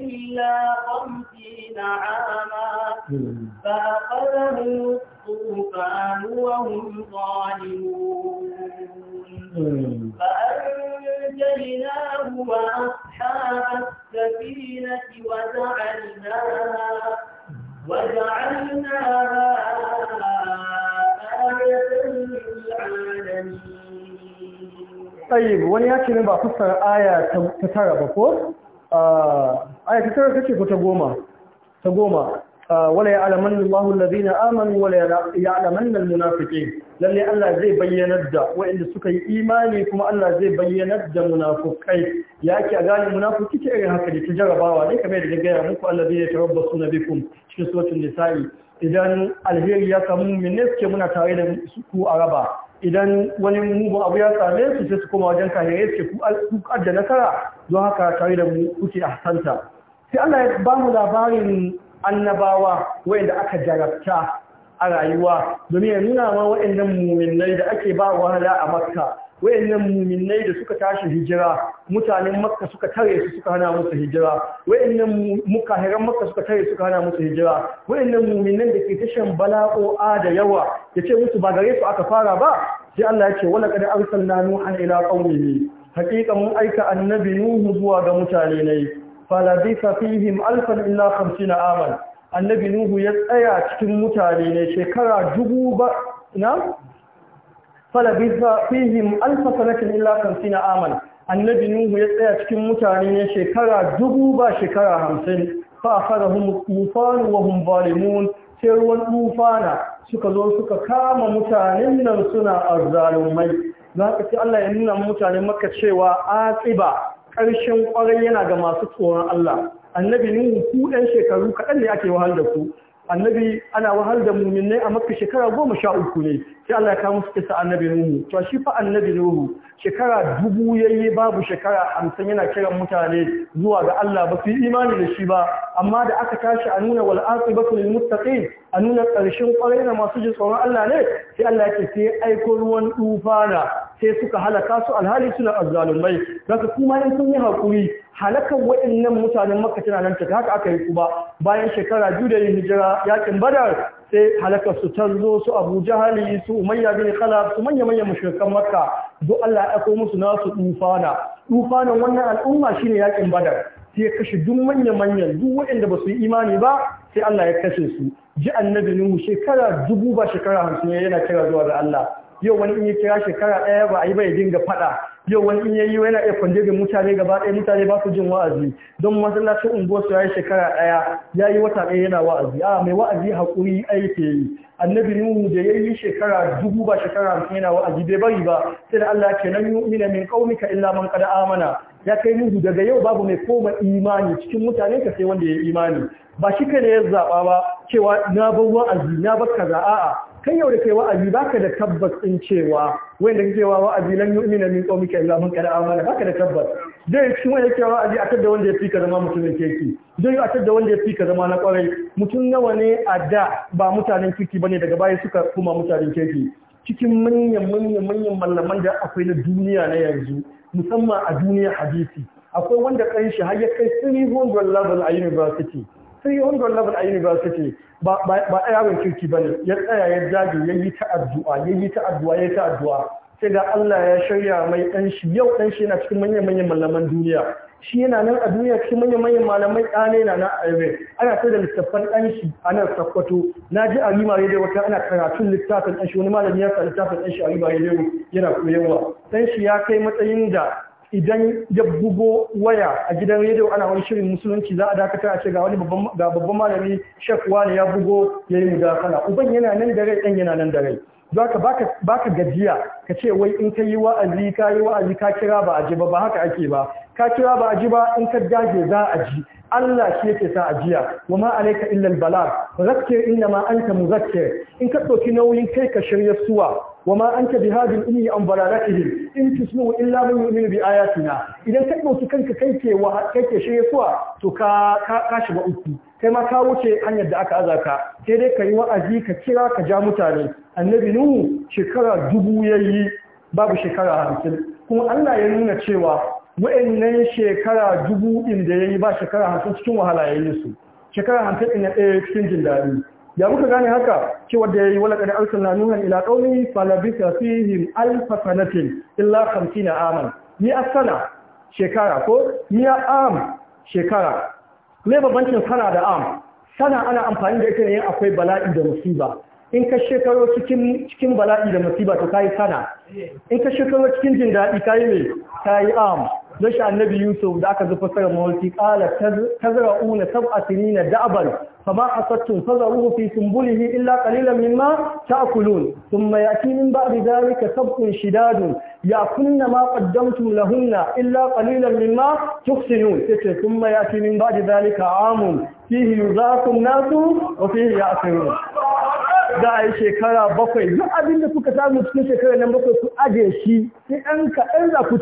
[SPEAKER 2] إلا خمسين عاما فأخذهم الطوفان وهم ظالمون فأنجيناه وأصحاب السفينة وجعلناها وجعلناها طيب wani ya ce
[SPEAKER 1] ne ba fassara aya ta tara ba ko? aya tara ta ko ta goma? ta goma wala ya'lamanna Allahu alladhina amanu wala ya'lamanna almunafiqin lalle Allah zai bayyanar da waɗanda suka yi imani kuma Allah zai bayyanar da munafukai Yaki a gane munafuki ce irin haka da ta jarabawa ne kamar da gaya muku Allah zai tarabba na bikum cikin suratul nisa'i idan alheri ya samu min ne suke muna tare da ku a raba idan wani mugun abu ya same su sai su koma wajen kahirai suke ku adda nasara don haka tare da mu kuke ahsanta sai Allah ya ba mu labarin annabawa wayanda aka jarabta a rayuwa domin ya nuna ma wayannan muminai da ake ba wahala a makka wayannan muminai da suka tashi hijira mutanen makka suka tare su suka hana musu hijira wayannan mukahiran makka suka tare suka hana musu hijira muminan da ke tashan bala'o'a da yawa yace musu ba gare su aka fara ba sai Allah ya ce wala kad arsalna nuhan ila qaumihi haqiqa mun aika annabi nuhu zuwa ga mutane ne falabisa fihim alfan illa khamsina aman annabi nuhu ya tsaya cikin mutane ne shekara dubu ba na falabisa fihim alfan sanatin illa khamsina aman annabi nuhu ya tsaya cikin mutane ne shekara dubu ba shekara hamsin fa akharahum tufanu wa hum zalimun sai ruwan tufana suka zo suka kama mutanen nan suna azzalumai za ka ci Allah ya nuna mutanen maka cewa atsiba ƙarshen ƙwarai yana ga masu tsoron Allah annabi nuhu ku ɗan shekaru kaɗan ne ake wahal da ku annabi ana wahal da muminai a maka shekara goma sha uku ne sai Allah ya kawo musu kisa annabi nuhu to shi fa annabi nuhu shekara dubu yayi babu shekara hamsin yana kiran mutane zuwa ga Allah ba su yi imani da shi ba amma da aka tashi a nuna wal aqibatu lil muttaqin a nuna ƙarshen ƙwarai na masu jin tsoron Allah ne sai Allah ya ce sai aiko ruwan tufana sai suka halaka su alhali suna azzalumai daga kuma in sun yi haƙuri halakan waɗannan mutanen makka tana nan ta haka aka yi kuma bayan shekara biyu da yin hijira yakin badar sai halakar su ta zo su abu jahali su umayya bin su manya manya mushrikan makka duk Allah ya ko musu nasu tufana tufanan wannan al'umma shine yakin badar sai ya kashe duk manya manyan duk waɗanda ba su yi imani ba sai Allah ya kashe su ji annabi nuhu shekara dubu ba shekara hamsin yana kira zuwa ga Allah yau wani in ya kira shekara ɗaya ba a yi bai dinga faɗa yau wani in ya yi yana iya da mutane gaba ɗaya mutane ba su jin wa'azi don masallacin unguwarsu ya yi shekara ɗaya ya yi wata ɗaya yana wa'azi a mai wa'azi haƙuri aiki yi annabi nuhu da ya yi shekara dubu ba shekara hamsin yana wa'azi bai bari ba sai da Allah ke nan yu'mina min qaumika illa man qad amana ya kai nuhu daga yau babu mai koma imani cikin mutane ka sai wanda ya yi imani ba shi kai ne ya zaba ba cewa na bar wa'azi na bar kaza a'a kai yau da kai wa'azi baka da tabbas din cewa da kake wa wa'azi lan yu'mina min qawmika illa man qad amana baka da tabbas dai shi wanda yake wa'azi akan da wanda ya fika zama mutumin kirki dai a da wanda ya fika zama na kwarai mutum nawa ne a da ba mutanen ba bane daga baya suka kuma mutanen keki cikin manyan manyan manyan mallaman da akwai na duniya na yanzu musamman a duniya hadisi akwai wanda kan shi har ya kai 300 level a university 300 level a university ba yaron kirki ba ne ya tsaya ya jage ya yi ta addu'a ya yi ta addu'a ya yi ta addu'a sai ga Allah ya shirya mai ɗan shi yau ɗan shi yana cikin manyan-manyan malaman duniya shi yana nan a duniya cikin manyan-manyan malamai ɗane na na aibe ana sai da littattafan ɗan shi a nan sakwato na ji a rima ya wata ana karatun littafin ɗan shi wani malami ya sa littafin ɗan shi a rima ya yana koyarwa ɗan shi ya kai matsayin da idan ya bugo waya a gidan rediyo ana wani shirin musulunci za a dakatar a ce ga wani babban malami shek wani ya bugo ya yi mudakala uban yana nan da rai dan yana nan da rai zaka baka ka gajiya ka ce wai in ka yi wa'azi ka yi wa'azi ka kira ba a ji ba ba haka ake ba ka kira ba a ji ba in ka dage za a ji Allah shi yake sa ajiya wa ma alayka illa albalag zakkir inna ma anta muzakkir in ka dauki nauyin kai ka shirya suwa wa ma anta bihadin inni an balalatihim in tusmu illa man yu'minu bi ayatina idan ka dauki kanka kai ke wa kai ke shirya suwa to ka ka shiga uku kai ma ka wuce hanyar da aka azaka sai dai ka yi wa'azi ka kira ka ja mutane annabi nuhu shekara dubu yayi babu shekara hamsin kuma Allah ya nuna cewa wa'annan shekara dubu ɗin da ya yi ba shekara hamsin cikin wahala ya yi su shekara hamsin ɗin ɗaya cikin jin daɗi ya muka gane haka cewa da ya yi wala ƙarin na nuhan ila ƙauni falabisa fihim alfa sanatin illa hamsin na aman ni a sana shekara ko ni a am shekara me babancin sana da am sana ana amfani da ita ne akwai bala'i da musiba in ka shekaro cikin bala'i da musiba to kayi sana in ka shekaro cikin jin daɗi kayi me kayi am don shi annabi yusuf da aka zufa sarar mawarki kala tazra'una sab'atini na da'aban fama hasattun fazaruhu fi sumbulihi illa qalilan mimma ta'kulun thumma yati min ba'di dhalika sab'un shidadun ya'kulna ma qaddamtum lahunna illa qalilan mimma tuhsinun yace thumma yati min ba'di dhalika amun fihi yuzakum nasu wa fihi ya'sirun za a yi shekara bakwai duk abinda kuka samu cikin shekarar nan bakwai su aje shi sai ɗan kaɗan za ku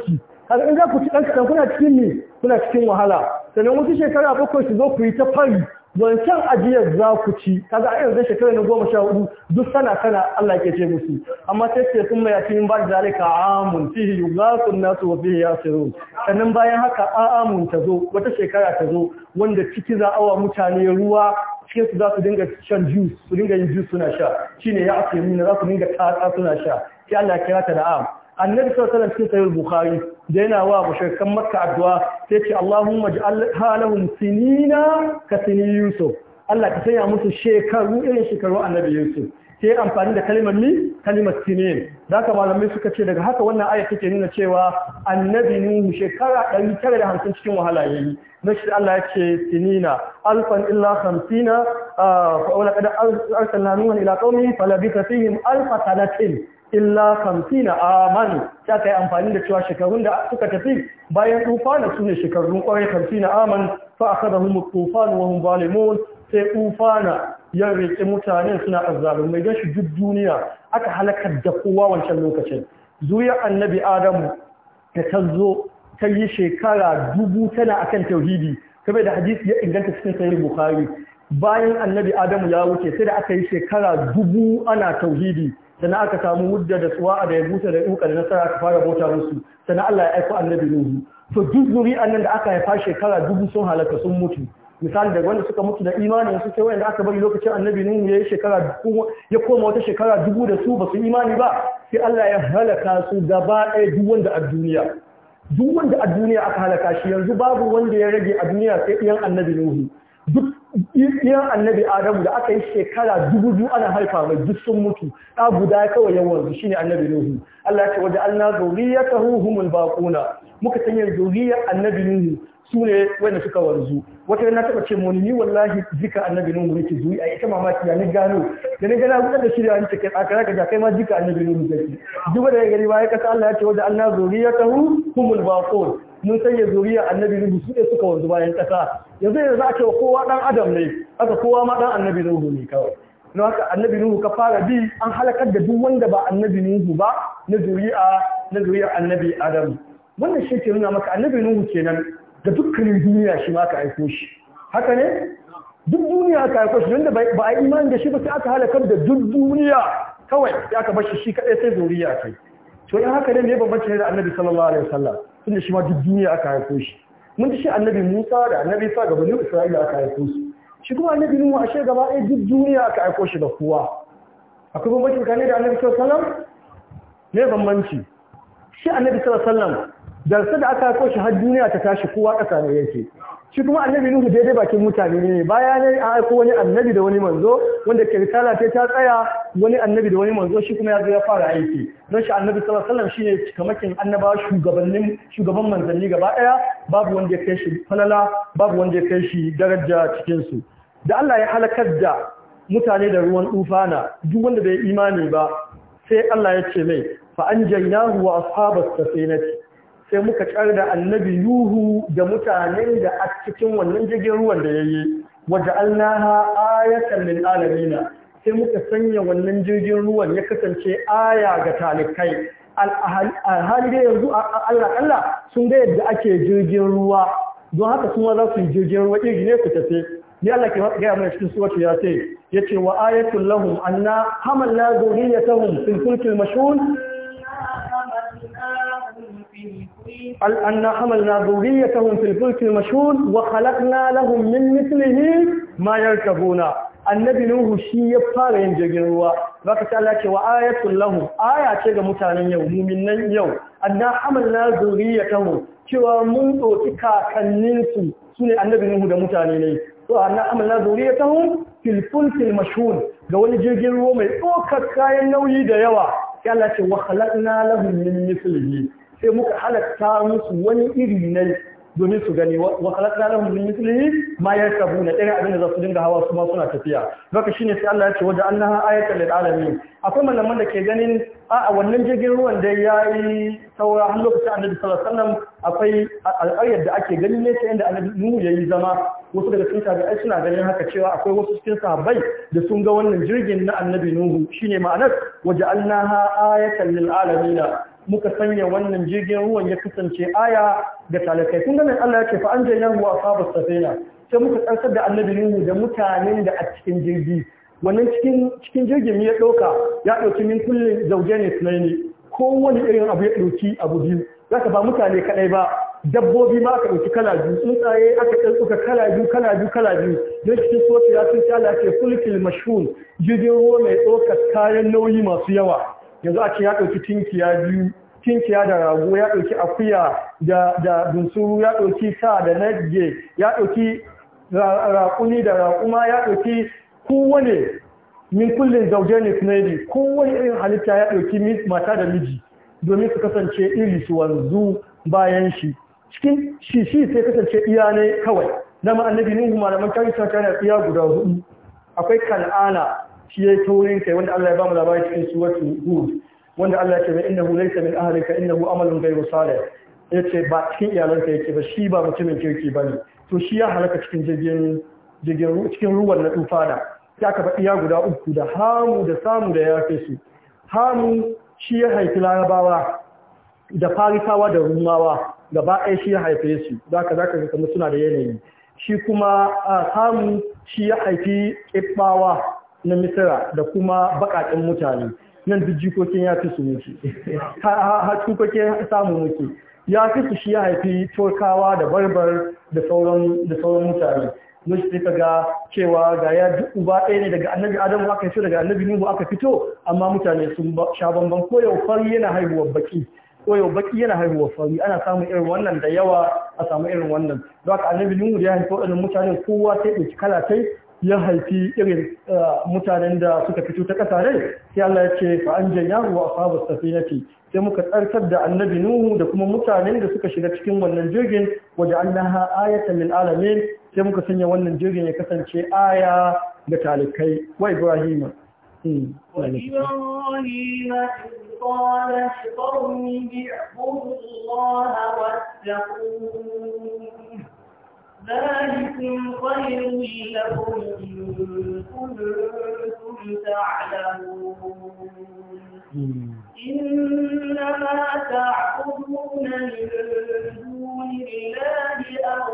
[SPEAKER 1] haka in za ku ci ɗansu kuna cikin ne kuna cikin wahala sannan wasu shekara bakwai su zo ku yi ta fari wancan ajiyar za ku ci kaga a yanzu shekara na goma sha hudu duk sana sana Allah ke ce musu amma sai ce sun mai yatin ba zalika amun fihi sun nasu wa fihi yasirun sannan bayan haka amun ta zo wata shekara ta zo wanda ciki za awa mutane ruwa cikin su za su dinga shan juice su dinga yin juice suna sha shine ya na za su dinga tatsa suna sha sai Allah ya kira ta da am annabi sallallahu alaihi wasallam cikin bukhari da yana wa mushrikan makka addu'a sai ce allahumma ja'al halahum sinina ka sinin yusuf Allah ka sanya musu shekaru irin shekaru annabi yusuf sai amfani da kalmar ni kalmar sinin zaka malamai suka ce daga haka wannan aya take nuna cewa annabi nuhu shekara 950 cikin wahala yayi nashi Allah ya ce sinina alfan illa khamsina ah, fa wala kad arsalna nuhan ila qaumi falabitha fihim alfa sanatin illa kamfina amanu ta kai amfani da cewa shekarun da suka tafi bayan tufana su ne shekarun kwarai kamfina amanu fa aka da hun wa hun balimun sai tufana ya riƙe mutane suna azzalin mai gashi duk duniya aka halakar da kowa wancan lokacin zuriyar annabi adamu da ta zo ta yi shekara dubu tana akan tauhidi kamar da hadisi ya inganta cikin sahih bukhari bayan annabi adamu ya wuce sai da aka yi shekara dubu ana tauhidi Sana aka samu mudda da tsuwa da ya buta da duka da nasara aka fara bauta musu sannan Allah ya aiko annabi Nuhu to duk zuri nan da aka haifa shekara dubu sun halaka sun mutu misali daga wanda suka mutu da imani su sai wanda aka bari lokacin annabi Nuhu ya yi shekara ya koma wata shekara dubu da su ba su imani ba sai Allah ya halaka su gaba ɗaya duk wanda a duniya duk wanda a duniya aka halaka shi yanzu babu wanda ya rage a duniya sai ɗiyan annabi Nuhu duk iyan annabi adamu da aka yi shekara dubu biyu ana haifa mai duk sun mutu ɗa guda kawai yawan wanzu shine annabi nuhu Allah ya ce waje Allah zuriyatahu humul baquna muka sanya zuriyar annabi nuhu su ne wanda suka wanzu wata na taɓa ce muni ni wallahi jika annabi nuhu yake zuri a ita mamaki ya ni gano da ni gana wutar da shirya ni take tsakara ka kai ma jika annabi nuhu zaki duk da gari ya kasa Allah ya ce waje Allah zuriyatahu humul baqun mun sanya zuriya annabi nuhu su ne suka wanzu bayan ƙasa yanzu yanzu aka yi kowa ɗan adam ne aka kowa ma ɗan annabi nuhu ne kawai na haka annabi nuhu ka fara bi an halakar da duk wanda ba annabi nuhu ba na zuriya na zuriya annabi adam wannan shi ke nuna maka annabi nuhu kenan da dukkanin duniya shi ma ka aiko shi haka ne duk duniya ka aiko shi wanda ba a imani da shi ba sai aka halakar da duk duniya kawai ya aka bar shi shi kaɗai sai zuriya kai to in haka ne me bambanci da annabi sallallahu alaihi wasallam da shi ma duk duniya aka haifo shi mun ji shi annabi Musa da annabi Isa ga bani Isra'ila aka haifo su shi kuma annabi Nuhu a shi gaba ɗaya duk duniya aka haifo shi ga kowa akwai bambanci ne da annabi sallallahu alaihi wasallam me bambanci shi annabi sallallahu alaihi wasallam da aka haifo shi har duniya ta tashi kowa ƙasa ne yake shi kuma annabi nuhu daidai bakin mutane ne baya ne a aiko wani annabi da wani manzo wanda ke risala ta ta tsaya wani annabi da wani manzo shi kuma ya zo ya fara aiki don shi annabi sallallahu alaihi wasallam shine cikamakin annaba shugabannin shugaban manzanni gaba daya babu wanda ya kai shi falala babu wanda ya kai shi daraja cikin su da Allah ya halakar da mutane da ruwan tufana duk wanda bai imani ba sai Allah ya ce mai fa anjaynahu wa ashabas safinati sai muka kar da annabi yuhu da mutanen da a cikin wannan jirgin ruwan da ya yi wadda allaha ayatan lil alamina sai muka sanya wannan jirgin ruwan ya kasance aya ga talikai alhali yanzu allah allah sun ga yadda ake jirgin ruwa don haka sun za su yi jirgin ruwa iri ne su tafi ni allah ke gaya mana cikin suwatu ya ce ya ce wa ayatul lahum anna hamalna zuriyatahum fil fulkil mashhun أن حملنا ذريتهم في الفلك المشهور وخلقنا لهم من مثله ما يركبون annabi nuhu shi ya fara yin jirgin ruwa zaka ta Allah ce wa ayatul lahum aya ce ga mutanen yau nan yau anna hamalna zuriyatahu cewa mun tsoki kakannin su ne annabi nuhu da mutane ne to anna hamalna zuriyatahu fil fulkil mashhun ga wani jirgin ruwa mai tsokar kayan nauyi da yawa sai Allah ce wa khalaqna lahum min mithlihi sai muka halatta musu wani iri na domin su gani wa khalaqna lahum min mithlihi ma yarkabuna irin abin da za su dinga hawa su ma suna tafiya haka shine sai Allah ya ce wajen annaha ayatan lil alamin akwai malaman da ke ganin a wannan jirgin ruwan da yayi saura har lokacin Annabi sallallahu alaihi wasallam akwai al'ayyar da ake ganin ne ta inda Annabi Nuhu yi zama wasu daga cikin tabi'ai suna ganin haka cewa akwai wasu cikin sahabbai da sun ga wannan jirgin na Annabi Nuhu shine ma'anar wajen annaha ayatan lil alamin muka sanya wannan jirgin ruwan ya kasance aya da talakai kun ganin Allah ya ce fa an jayna wa ashabu safina sai muka tsantsar da annabi ne da mutanen da a cikin jirgi wannan cikin cikin jirgin ya dauka ya dauki min kullin zawjaini sunaini wani irin abu ya dauki abu biyu zaka ba mutane kadai ba dabbobi ma aka ɗauki kala biyu tsuntsaye aka suka kala biyu kala biyu kala biyu don cikin sotu ya sun ke fulfil mashhur jirgin ruwa mai dauka kayan nauyi masu yawa yanzu a ce ya ɗauki tinkiya biyu kinkiya da rago ya ɗauki akuya da dunsuru ya ɗauki sa da nage ya ɗauki raƙuni da raƙuma ya ɗauki kowane min kullum zaujenis ne kowane irin halitta ya ɗauki mata da miji domin su kasance iri su wanzu bayan shi cikin shi sai kasance iya ne kawai na ma'annabi nuhu malaman sa tana iya guda hudu akwai kan'ana shi ya taurin kai wanda Allah ya ba mu labarai cikin suwatu hud wanda Allah ya ce ba innahu laysa min ahlika amalin amalun ghayru salih ce ba cikin iyalanka yake ba shi ba mutumin kirki ba ne. to shi ya halaka cikin jirgin cikin ruwan na tufana ya ka faɗi ya guda uku da hamu da samu da ya fi su hamu shi ya haifi larabawa da farisawa da rumawa da ba ɗaya shi ya haife su za ka za ka kama suna da yanayi shi kuma hamu shi ya haifi ƙiɓɓawa na misira da kuma baƙaƙen mutane nan da jikokin ya fi su muke ha jikokin samu muke ya fi su shi ya haifi turkawa da barbar da sauran mutane mun shi ka ga cewa ga ya duk ɗaya ne daga annabi adamu aka fito daga annabi nuhu aka fito amma mutane sun sha bamban ko yau fari yana haihuwar baki ko yau baki yana haihuwa fari ana samun irin wannan da yawa a samu irin wannan don haka annabi nuhu ya haifi waɗannan mutane kowa sai ɗauki kala sai. ya haifi irin eh, mutanen da suka fito ta rai sai Allah ya ce fa an janya wa ashabu safinati sai muka tsarkar da annabi nuhu da kuma mutanen da suka shiga cikin wannan jirgin waje annaha ayatan min alamin sai muka sanya wannan jirgin ya kasance aya ga talikai wa ibrahima
[SPEAKER 2] قال لقومه اعبدوا الله واتقوه
[SPEAKER 1] ذلكم
[SPEAKER 2] خير لكم إن كنتم تعلمون إنما تعبدون من دون الله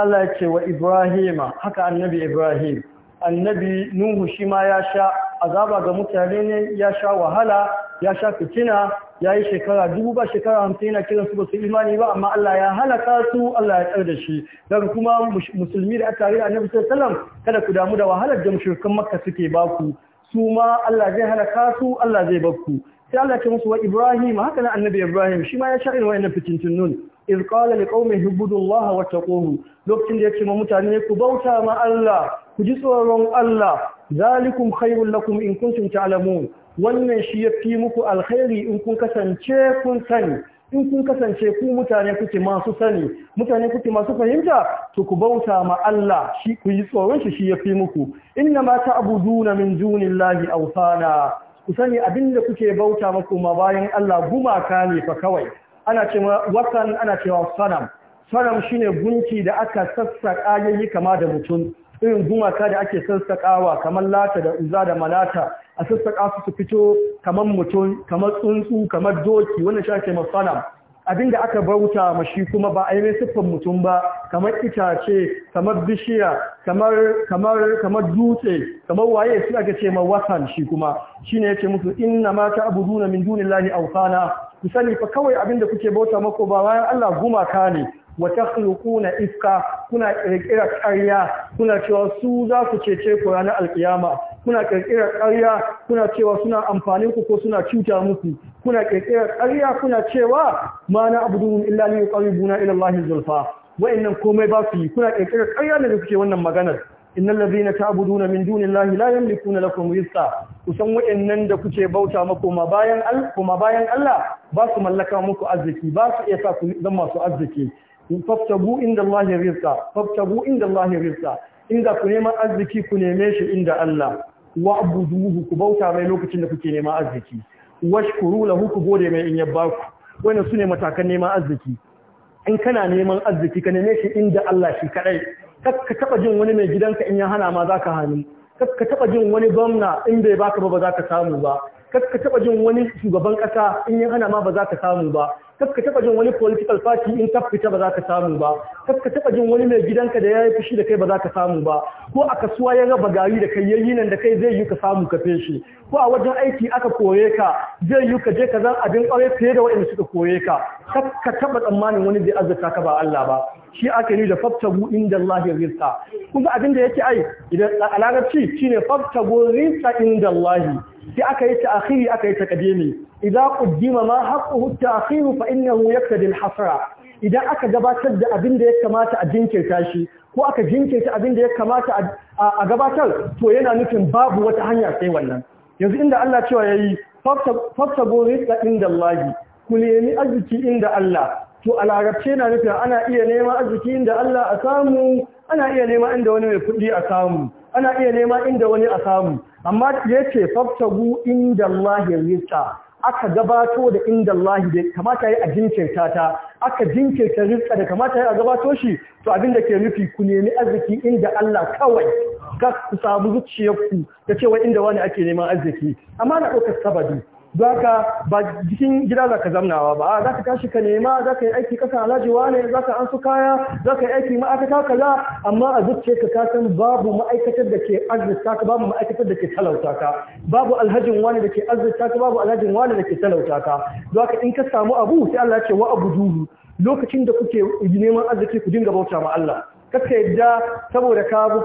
[SPEAKER 1] Allah ya ce wa Ibrahima haka annabi Ibrahim annabi Nuhu shi ma ya sha azaba ga mutane ne ya sha wahala ya sha fitina ya yi shekara dubu ba shekara hamsin yana kiran su ba su imani ba amma Allah ya halaka su Allah ya tsar da shi daga kuma musulmi da tare da annabi sallallahu kada ku damu da wahalar da mushrikan makka suke baku su ma Allah zai halaka su Allah zai bakku sai Allah ya ce musu wa Ibrahim haka nan annabi Ibrahim shi ma ya sha irin wa'annan fitintun nun iz qala liqaumihi ibudullaha wattaquhu lokacin da ya ce ma mutane ku bauta ma Allah ku ji tsoron Allah zalikum khairul lakum in kuntum alamu. wannan shi yafi muku alkhairi in kun kasance kun sani in kun kasance ku mutane kuke masu sani mutane kuke masu fahimta to ku bauta ma Allah ku yi tsoron shi shi yafi muku inna ma ta'buduna min dunillahi awsana ku sani abinda kuke bauta maku ma bayan Allah gumaka ne fa kawai ana cewa watan ana cewa sanam sanam shine gunki da aka sassaka yayi kama da mutum irin gumaka da ake sassakawa kamar lata da uza da malata a sassaka su su fito kamar mutum kamar tsuntsu kamar doki wannan shi ake sanam Abin da aka bauta ma shi kuma ba a yi mai siffan mutum ba kamar itace kamar bishiya kamar kamar kamar dutse kamar waye su aka ce ma wasan shi kuma shine yace musu inna ma ta'buduna min dunillahi awsana ku sani fa kawai abin da kuke bauta mako ba bayan Allah guma ka ne wa takhluquna ifka kuna kirkira ƙarya kuna cewa su za ku cece ku ranar alkiyama kuna ƙirƙirar ƙarya kuna cewa suna amfani ku ko suna cuta musu? kuna ƙirƙirar ƙarya kuna cewa ma na abuduhum illa li yuqarribuna ila Allahi zulfa wa'annan komai ba su yi kuna kirkirar ƙarya da kuke wannan maganar innal ladhina ta'buduna min dunillahi la yamlikuna lakum rizqa kusan wa'annan da kuke bauta mako ma bayan Allah kuma bayan Allah ba su mallaka muku arziki ba su iya sa ku zama masu arziki faftabu inda Allah rizqa faftabu inda Allah rizqa inda ku neman arziki ku neme shi inda Allah wa abuduhu ku bauta mai lokacin da kuke neman arziki washkuru lahu ku gode mai in ya ku wannan sune matakan neman arziki in kana neman arziki ka neme shi inda Allah shi kadai ka taba jin wani mai gidanka in ya hana ma zaka hani ka taba jin wani gwamna in bai baka ba ba zaka samu ba ka taba jin wani shugaban kasa in ya hana ma ba zaka samu ba kaska taba jin wani political party in ka fita ba za ka samu ba kaska taba jin wani mai gidanka da yayi fushi da kai ba za ka samu ba ko a kasuwa ya raba gari da kai yayi nan da kai zai yi ka samu ka feshi ko a wajen aiki aka kore ka zai yi ka je ka zan abin kwarai fiye da waɗanda suka kore ka kaska taba tsammanin wani zai azurta ka ba Allah ba shi aka yi da faftabu inda Allah ya rinsa kun abin da yake ai idan a larabci shine faftabu rinsa inda Allah sai aka yi ta akhiri aka yi ta kadimi idza quddima ma haqquhu ta'khiru fa innahu yaqtadi al-hasra idan aka gabatar da abin da ya kamata a jinkirta shi ko aka jinkirta abin da ya kamata a gabatar to yana nufin babu wata hanya sai wannan yanzu inda Allah cewa yayi fasabu rizqa inda Allah ku nemi arziki inda Allah to a larabce na nufin ana iya neman arziki inda Allah a samu ana iya nema inda wani mai kuɗi a samu ana iya nema inda wani a samu amma yace fasabu inda Allah rizqa aka gabato da inda Allah da kamata yi a jinkirta ta aka jinkirta rizka da kamata yi a gabato shi to abin da ke nufi ku nemi arziki inda Allah kawai ka ku samu zuciyarku ta cewa inda wani ake neman arziki amma na ɗaukar sabadi baka ba jikin gida za ka zamnawa ba za ka tashi ka nema za ka yi aiki kasan alhaji wane ka an su kaya za ka yi aiki ma'aikata kaza amma a zuce ka kasan babu ma'aikatar da ke arzista ka babu ma'aikatar da ke talauta ka babu alhajin wani da ke arzista ka babu alhajin wani da ke talauta ka ka in ka samu abu sai Allah ya ce wa abuduhu lokacin da kuke neman arziki ku dinga bauta ma Allah ka yadda saboda kabu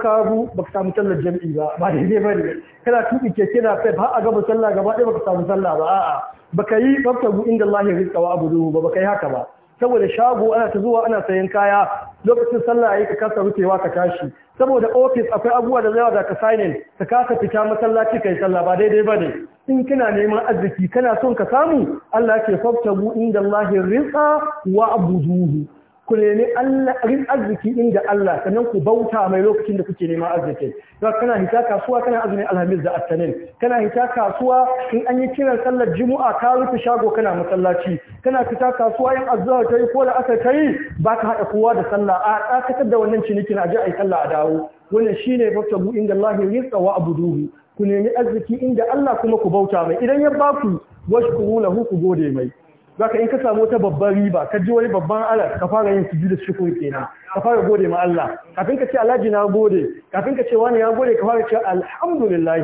[SPEAKER 1] ba ka samu sallar jam'i ba ba daidai bane kana tuki keke na sai har a gaba sallah gaba ɗaya ka samu sallah ba a'a baka yi faftagu inda Allah ya rizqa wa abuduhu ba baka yi haka ba saboda shago ana ta zuwa ana sayan kaya lokacin sallah ayi ka kasa rufewa ka tashi saboda office akwai abubuwa da zawa da ka sign ka kasa fita masallaci kai sallah ba daidai bane in kina neman arziki kana son ka samu Allah ke faftagu inda Allah ya rizqa wa abuduhu ku nemi rin arziki inda Allah sannan ku bauta mai lokacin da kuke nema arziki za kana hita kasuwa kana azumin alhamis da attanin kana hita kasuwa in an yi kiran sallar jimu'a ka rufe shago kana masallaci kana fita kasuwa in azhar ta yi ko da aka kai ba ka haɗa kowa da sallah a dakatar da wannan cinikin na je a yi sallah a dawo wannan shine bu inda Allah tsawa wa abuduhu ku nemi arziki inda Allah kuma ku bauta mai idan ya baku washkuru lahu ku gode mai zaka in ka samu wata babbar riba ka ji wani babban alal ka fara yin sujud da shukuri kenan ka fara gode ma Allah kafin ka ce Alhaji na gode kafin ka ce wani ya gode ka fara ce alhamdulillah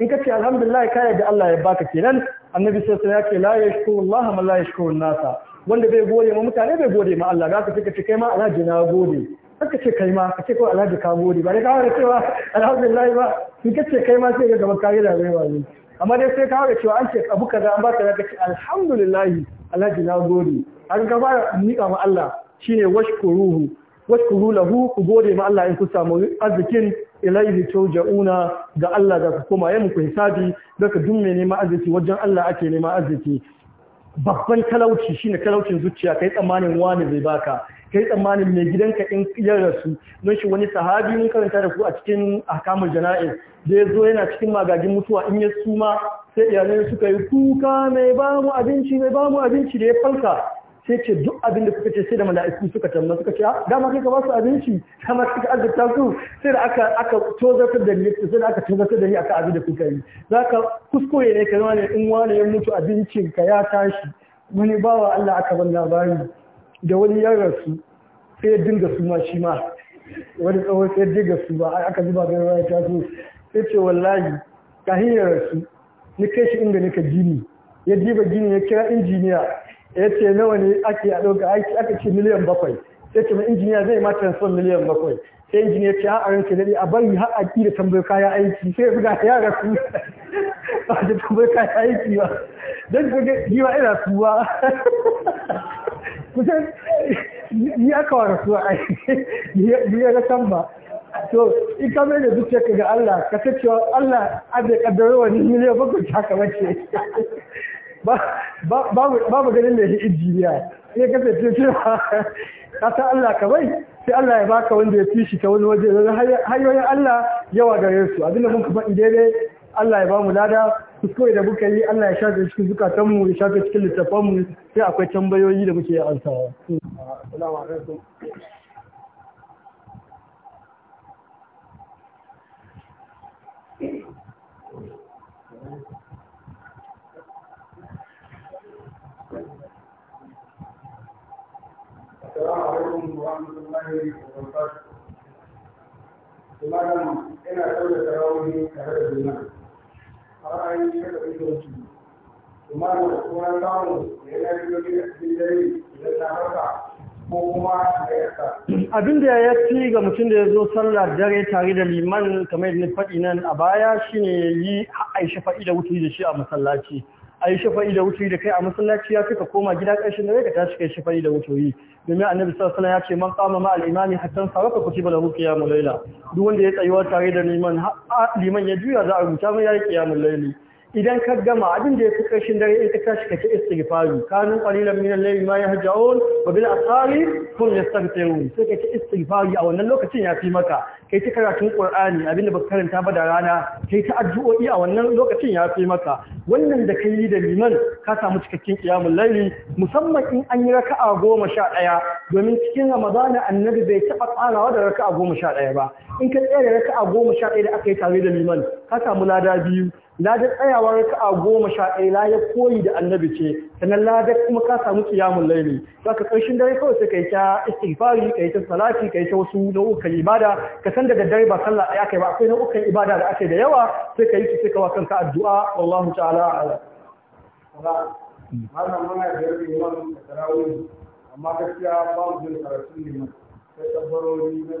[SPEAKER 1] in ka ce alhamdulillah ka yarda Allah ya baka kenan annabi sallallahu alaihi wasallam ya ce la yashkuru Allah man la yashkuru nasa wanda bai gode ma mutane bai gode ma Allah zaka ce ka ce kai ma Alhaji na gode ka ce kai ma ka ce ko Alhaji ka gode ba dai ka fara cewa alhamdulillah ba in ka ce kai ma sai ga gaba ka yi da rayuwa ne amma dai sai ka fara cewa an ce abu kaza an baka zaka ce alhamdulillah alhaji na gode an gaba nika ma Allah shine washkuruhu washkuru lahu ku gode ma Allah in ku samu arzikin ilaihi tawja'una ga Allah da ku koma yayin ku hisabi daga dun mai neman arziki wajen Allah ake nema arziki babban talauci shine talaucin zuciya kai tsammanin wani zai baka kai tsammanin mai gidanka in ya rasu don shi wani sahabi mun karanta da ku a cikin ahkamul jana'iz da ya zo yana cikin magagin mutuwa in ya suma sai iyalai suka yi kuka mai bamu abinci mai bamu abinci da ya falka sai ce duk abin da suka ce sai da mala'iku suka talla suka ce ah, dama kai ka ba su abinci dama su ka azurta su sai da aka aka tozartar da ni sai da aka tozartar da ni aka abin da kuka yi za ka kuskure ne ka ne in wani ya mutu abincin ka ya tashi wani bawa Allah aka ban labari da wani ya rasu sai ya dinga su ma shi ma wani tsawon sai ya dinga su ba aka zuba garwa ya taso sai ce wallahi kahin ya rasu ni kai shi inda nika gini ya diba gini ya kira injiniya ya ce nawa ne ake a ɗauka aiki aka ce miliyan bakwai sai kuma injiniya zai ma transfer miliyan bakwai sai injiniya ce a ranke dare a bari har a ƙira tambayi kaya aiki sai buga ya rasu ba da tambayi kaya aiki ba don ga giwa ina suwa kusan ni aka wa rasuwa aiki ni ya rasan ba to in ka mai da zuciya ga Allah ka ta cewa Allah a da kaddaro wani miliyan bakwai ta haka wace babu ganin da ya injiniya ya kasance cewa ka ta Allah ka bai sai Allah ya baka wanda ya fi shi ta wani waje hanyoyin Allah yawa gare su abin da muka faɗi daidai Allah ya ba mu lada kuskure da muka yi Allah ya shafe cikin zukatanmu ya shafe cikin littafanmu sai akwai tambayoyi da muke ansawa. Hmm.
[SPEAKER 3] Assalamu alaikum. السلام عليكم الله وبركاته tare da juna, da kuma
[SPEAKER 1] Abin da ya ci ga mutum da ya zo sallar dare tare da liman kamar yadda faɗi nan a baya shine yi Aisha faɗi da wuce da shi a masallaci. a yi shafa'i da wuturi da kai a masallaci ya fika koma gida ƙarshen da ka tashi kai shafa'i da yi domin annabi sallallahu alaihi ya ce man qama ma al-imami hatta saraka kutiba lahu qiyamul layla duk wanda ya tsayuwa tare da liman liman ya juya za a rubuta mai yayi qiyamul layli idan ka gama abin da ya fi ƙarshen dare in ka tashi ka ci istighfari kanun qalilan min al-layli ma yahja'un wa bil asari kun yastaghfirun sai ka ci istighfari a wannan lokacin ya fi maka kai ta karatun qur'ani abinda da baka karanta ba da rana kai ta addu'o'i a wannan lokacin ya fi maka wannan da kai yi da liman ka samu cikakken qiyamul layli musamman in an yi raka'a goma sha ɗaya domin cikin ramadana annabi bai taɓa tsarawa da raka'a goma sha ɗaya ba in ka tsere raka'a goma sha ɗaya da aka yi tare da liman ka samu lada biyu ladar tsayawa raka'a goma sha ɗaya la ya koyi da annabi ce sannan ladar kuma ka samu kiyamun laili za ka ƙarshen dare kawai sai ka yi ta istighfari ka yi ta salati ka yi ta wasu nau'ukan ibada ka san daga dare ba sallah ɗaya kai ba akwai nau'ukan ibada da ake da yawa sai ka yi su sai ka wa kanka addu'a wallahu ta'ala
[SPEAKER 3] malam mana da yawan tarawih amma gaskiya ba jin sai tabbarori na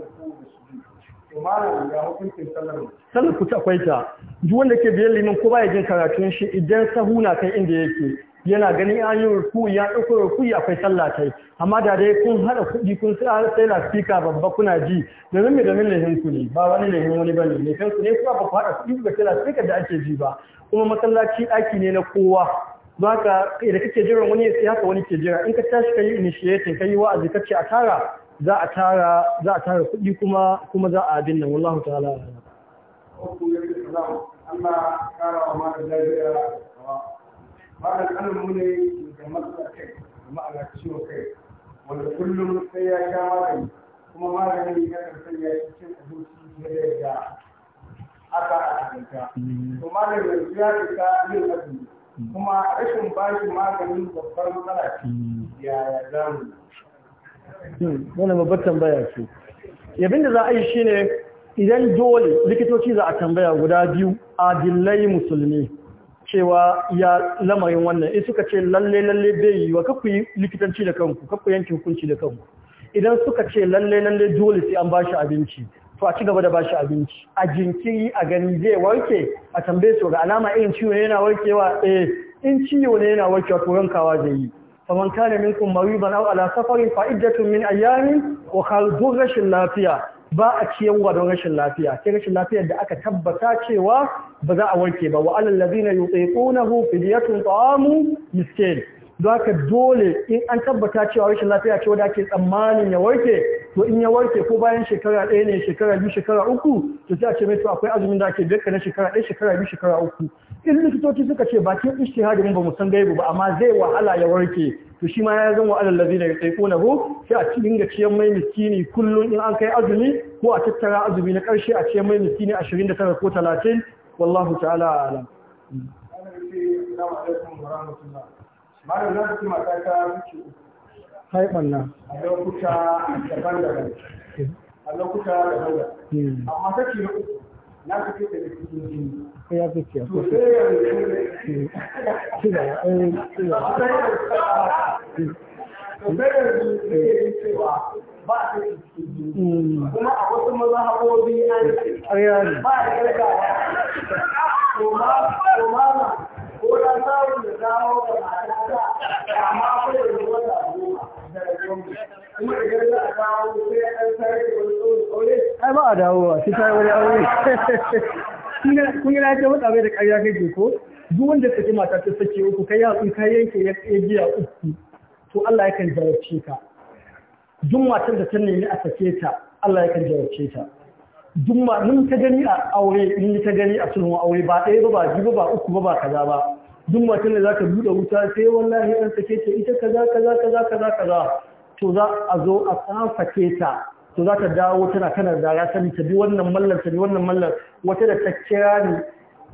[SPEAKER 1] sallar ku akwai ta Juwan wanda ke biyan liman ko baya jin karatun shi idan sahu na kai inda yake yana ganin an yi rufu ya ɗauko ruku akwai sallah kai amma da dai kun haɗa kuɗi kun sai la speaker babba kuna ji zan me domin lehin ku ne ba wani lehin wani ba ne. lehin ku ne kuma ba ku haɗa kuɗi ba sai da ake ji ba kuma masallaci ɗaki ne na kowa ba ka idan kake jiran wani ya haka wani ke jira in ka tashi ka yi initiating ka yi wa'azi ka ce a tara za a tara za a tara kuɗi kuma kuma za a abin nan wallahu ta'ala
[SPEAKER 3] Allah mata ne da matsa kai ma'ana kai wanda kullum sai ya sha magani kuma maganin ya kan ya cikin da yadda aka kuma rashin bashi maganin babbar matsala mm. zamu
[SPEAKER 1] Hmm, wani babbar tambaya ce yabin da za a yi shi ne idan dole likitoci za a tambaya guda biyu adillai musulmi cewa ya lamarin wannan in suka ce lalle lalle bai yi wa kakku yi likitanci da kanku kakku yankin hukunci da kanku idan suka ce lalle lalle dole sai an bashi abinci to a ci gaba da bashi abinci a jinkiri a gani zai warke a tambaye su ga alama irin ciwo yana warkewa eh in ciwo ne yana warkewa to rankawa zai yi faman kana minkum mariban aw ala safarin fa iddatun min ayyamin wa rashin lafiya ba a ciyarwa don rashin lafiya sai rashin lafiyar da aka tabbata cewa ba za a warke ba wa'alan wa alal ladina yutiqunahu fidyatun ta'amu miskin zaka dole in an tabbata cewa rashin lafiya ce wadda ake tsammanin ya warke to in ya warke ko bayan shekara ɗaya ne shekara biyu shekara uku to sai a ce mai to akwai azumin da ake biyar na shekara ɗaya shekara biyu shekara uku in likitoci suka ce bakin ishtihadin ba mu san gaibu ba amma zai wahala ya warke to shi ma ya zama alal ladina na hu sai a cikin ga ciyan mai miskini kullum in an kai azumi ko a tattara azumi na ƙarshe a ciyan mai miskini tara ko talatin wallahu ta'ala alam.
[SPEAKER 3] malam na su mata ta wuce haifan nan a lokuta daban-daban a lokuta daban-daban hmm. amma kashi na uku na su fita da cikin jini ya fi ce ko sai ya yi shi da ya yi shi da
[SPEAKER 1] ya yi
[SPEAKER 3] ba a cikin hmm. kuma a wasu mazahabobi an ba a kirgawa to ma ai ba da da da kuma a dawo sai
[SPEAKER 1] an wani ba a dawowa sai ta wani aure kun yi lafiya wata bai da ƙarya kai ko duk wanda suke mata ta sake uku kai ya tsin yanke ya biya uku to Allah ya kan jarabce ka duk matar da ta nemi a sake ta Allah ya kan jarabce ta jumma mun ta gani a aure in ta gani a sulhun aure ba ɗaya ba ba biyu ba ba uku ba ba kaza ba duk mutum da zaka buɗe wuta sai wallahi an sake ta ita kaza kaza kaza kaza kaza to za a zo a tsafake ta to za ta dawo tana kana da ya sani ta bi wannan mallar ta bi wannan mallar wata da ta kira ni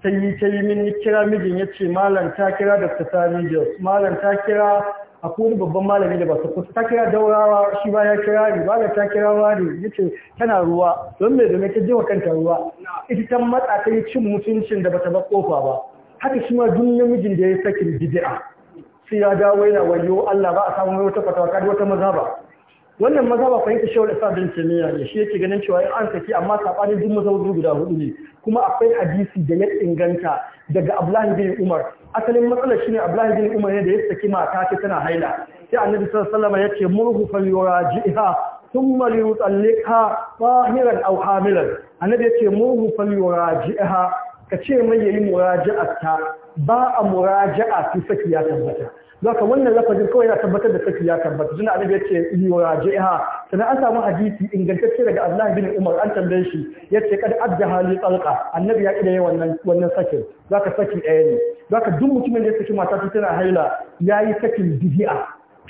[SPEAKER 1] ta yi ta yi min kira mijin ya ce malam ta kira da ta sami jos malam ta kira akwai wani babban malami da ba su kusa ta kira daurawa shi ba ya kira ni ba ta kira ma ne yace tana ruwa don mai zama ta je wa kanta ruwa ita ta matsa ta yi cin mutuncin da bata ba kofa ba haka shi ma duk namijin da ya yi sakin bid'a sai ya dawo yana wayo Allah ba a samu wata fatawa kadi wata maza ba wannan maza ba fahimta shawar isa bin tamiya ne shi yake ganin cewa an saki amma sabanin duk mazaunin guda hudu ne kuma akwai hadisi da ya inganta daga abdullahi bin umar asalin matsalar shine abdullahi bin umar ne da ya saki mata ta tana haila sai annabi sallallahu alaihi wasallam ya ce murhu fal yuraji'ha thumma yutalliqha tahiran aw hamilan annabi ya ce murhu fal yuraji'ha ka ce mai yayi ta ba a muraja'a su saki ya tabbata zaka wannan lafazin kawai yana tabbatar da saki ya tabbata tunda annabi yace yuraji'ha sannan an samu hadisi ingantacce daga Allah bin Umar an tambaye shi yace kad adda hali talqa annabi ya kida wannan wannan sakin zaka saki ɗaya ne zaka duk mutumin da ya saki mata tana haila yayi sakin bid'a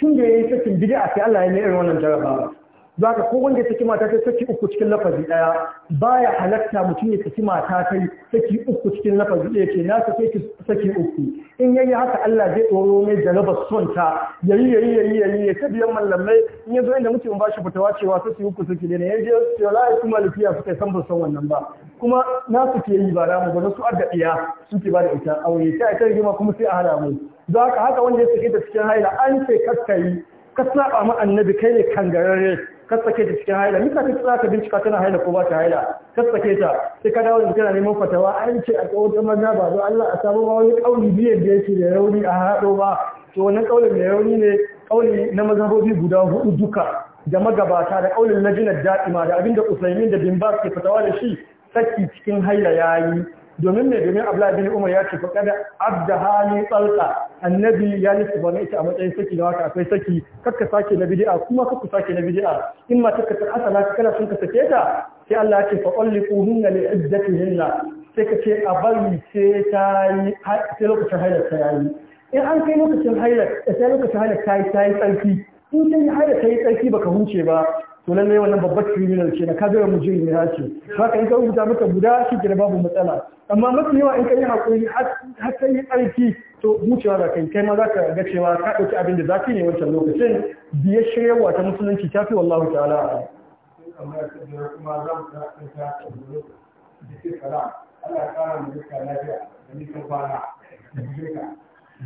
[SPEAKER 1] tun da yayi sakin bid'a sai Allah ya mai irin wannan jarabawa za ka ko wanda saki mata ta saki uku cikin lafazi ɗaya baya halatta mutum ya saki mata ta saki uku cikin lafazi ɗaya ke na saki ki saki uku in yayi haka Allah zai tsoro mai jarabar son ta yayi yayi yayi yayi ya ta biyan mallamai in ya zo inda mutum ba shi fitawa cewa saki uku saki ne ya je ya la kuma lafiya suka san ba san wannan ba kuma na suke yi ba mu ba su adda iya suke ba da ita aure ta ita rigima kuma sai a hana mu za haka wanda ya saki ta cikin haila an ce kakkayi ka saba ma annabi kai ne kangararre katsake ta cikin haila misa ka tsaka bincika tana haila ko ba ta haila katsake ta sai ka dawo da kana neman fatawa an ce a tsawon na ba zo Allah a samu ba wani kauli biyan da yake da rauni a haɗo ba to wannan kaulin da rauni ne kauli na mazhabobi guda hudu duka da magabata da kaulin najinar da'ima da abinda usaimin da bin ke fatawa da shi saki cikin haila yayi domin ne domin abdullahi bin umar ya ce fa kada abda hali tsalka annabi ya lissafa na ita a matsayin saki na waka akwai saki kakka sake na bid'a kuma kakka sake na bid'a in ma ta kasar asala kana sun ka sake ta sai Allah ya ce fa qalliquhunna li iddatihinna sai ka ce a bari sai ta yi sai lokacin hailar ta yi in an kai lokacin hailar sai lokacin hailar ta yi ta yi tsarki in ta hailar ta yi tsarki baka hunce ba to ne wannan babbar criminal ce na kaga mu jiri ne ce haka in ka rubuta maka guda shi ke babu matsala amma mafi yawa in ka yi hakuri har yi aiki to wucewa za kai kai ma za ka ga cewa ka ɗauki abin da zafi ne wancan lokacin biye shiryarwa ta musulunci ta fi wallahu ta'ala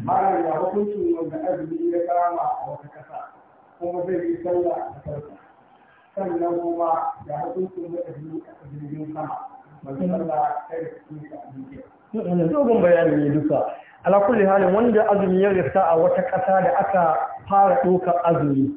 [SPEAKER 3] Malam ya hukuncin wanda azumi ya kama a wata ƙasa kuma zai yi sallah da sarka. sannan kuma da hukuncin da ɗabi'u a jirgin sama manzon
[SPEAKER 1] Allah bayani ne duka ala kulli halin wanda azumi ya rifta a wata ƙasa da aka fara ɗaukar azumi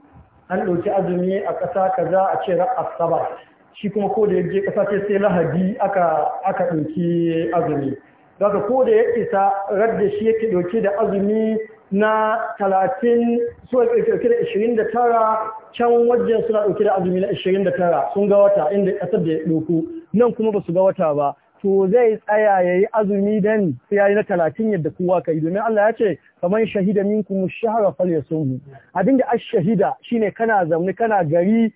[SPEAKER 1] an ɗauki azumi a ƙasa ka za a ce asaba shi kuma ko da ya ƙasa ce sai lahadi aka ɗauki azumi daga ko da ya isa radda shi yake ɗauke da azumi na talatin so ya ɗauke da ishirin da tara can wajen suna ɗauke da azumi na 29 sun ga wata inda ƙasar da ya ɗoku nan kuma ba su ga wata ba to zai tsaya ya yi azumi dan sai ya yi na talatin yadda kowa ka yi domin Allah ya ce kamar shahida kuma shahara fal yasum abinda ash shahida shine kana zaune kana gari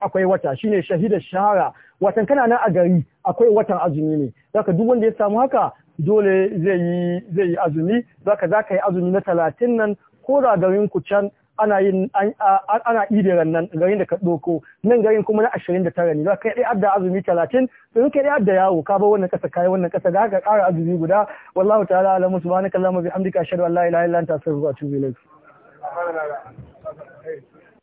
[SPEAKER 1] akwai wata shine shahida shahara watan kana nan a gari akwai watan azumi ne zaka duk wanda ya samu haka dole zai yi azumi zaka zaka yi azumi na talatin nan ko da garin ku can ana yin ana ide rannan garin da ka ɗauko nan garin kuma na ashirin da tara ne za ka yi adda azumi talatin to ka yi adda yawo ka bar wannan ƙasa ka yi wannan ƙasa da haka ƙara azumi guda wallahu ta'ala alamu subhanaka allahumma bihamdika ashhadu an la ilaha illa anta astaghfiruka wa atubu
[SPEAKER 3] ilaik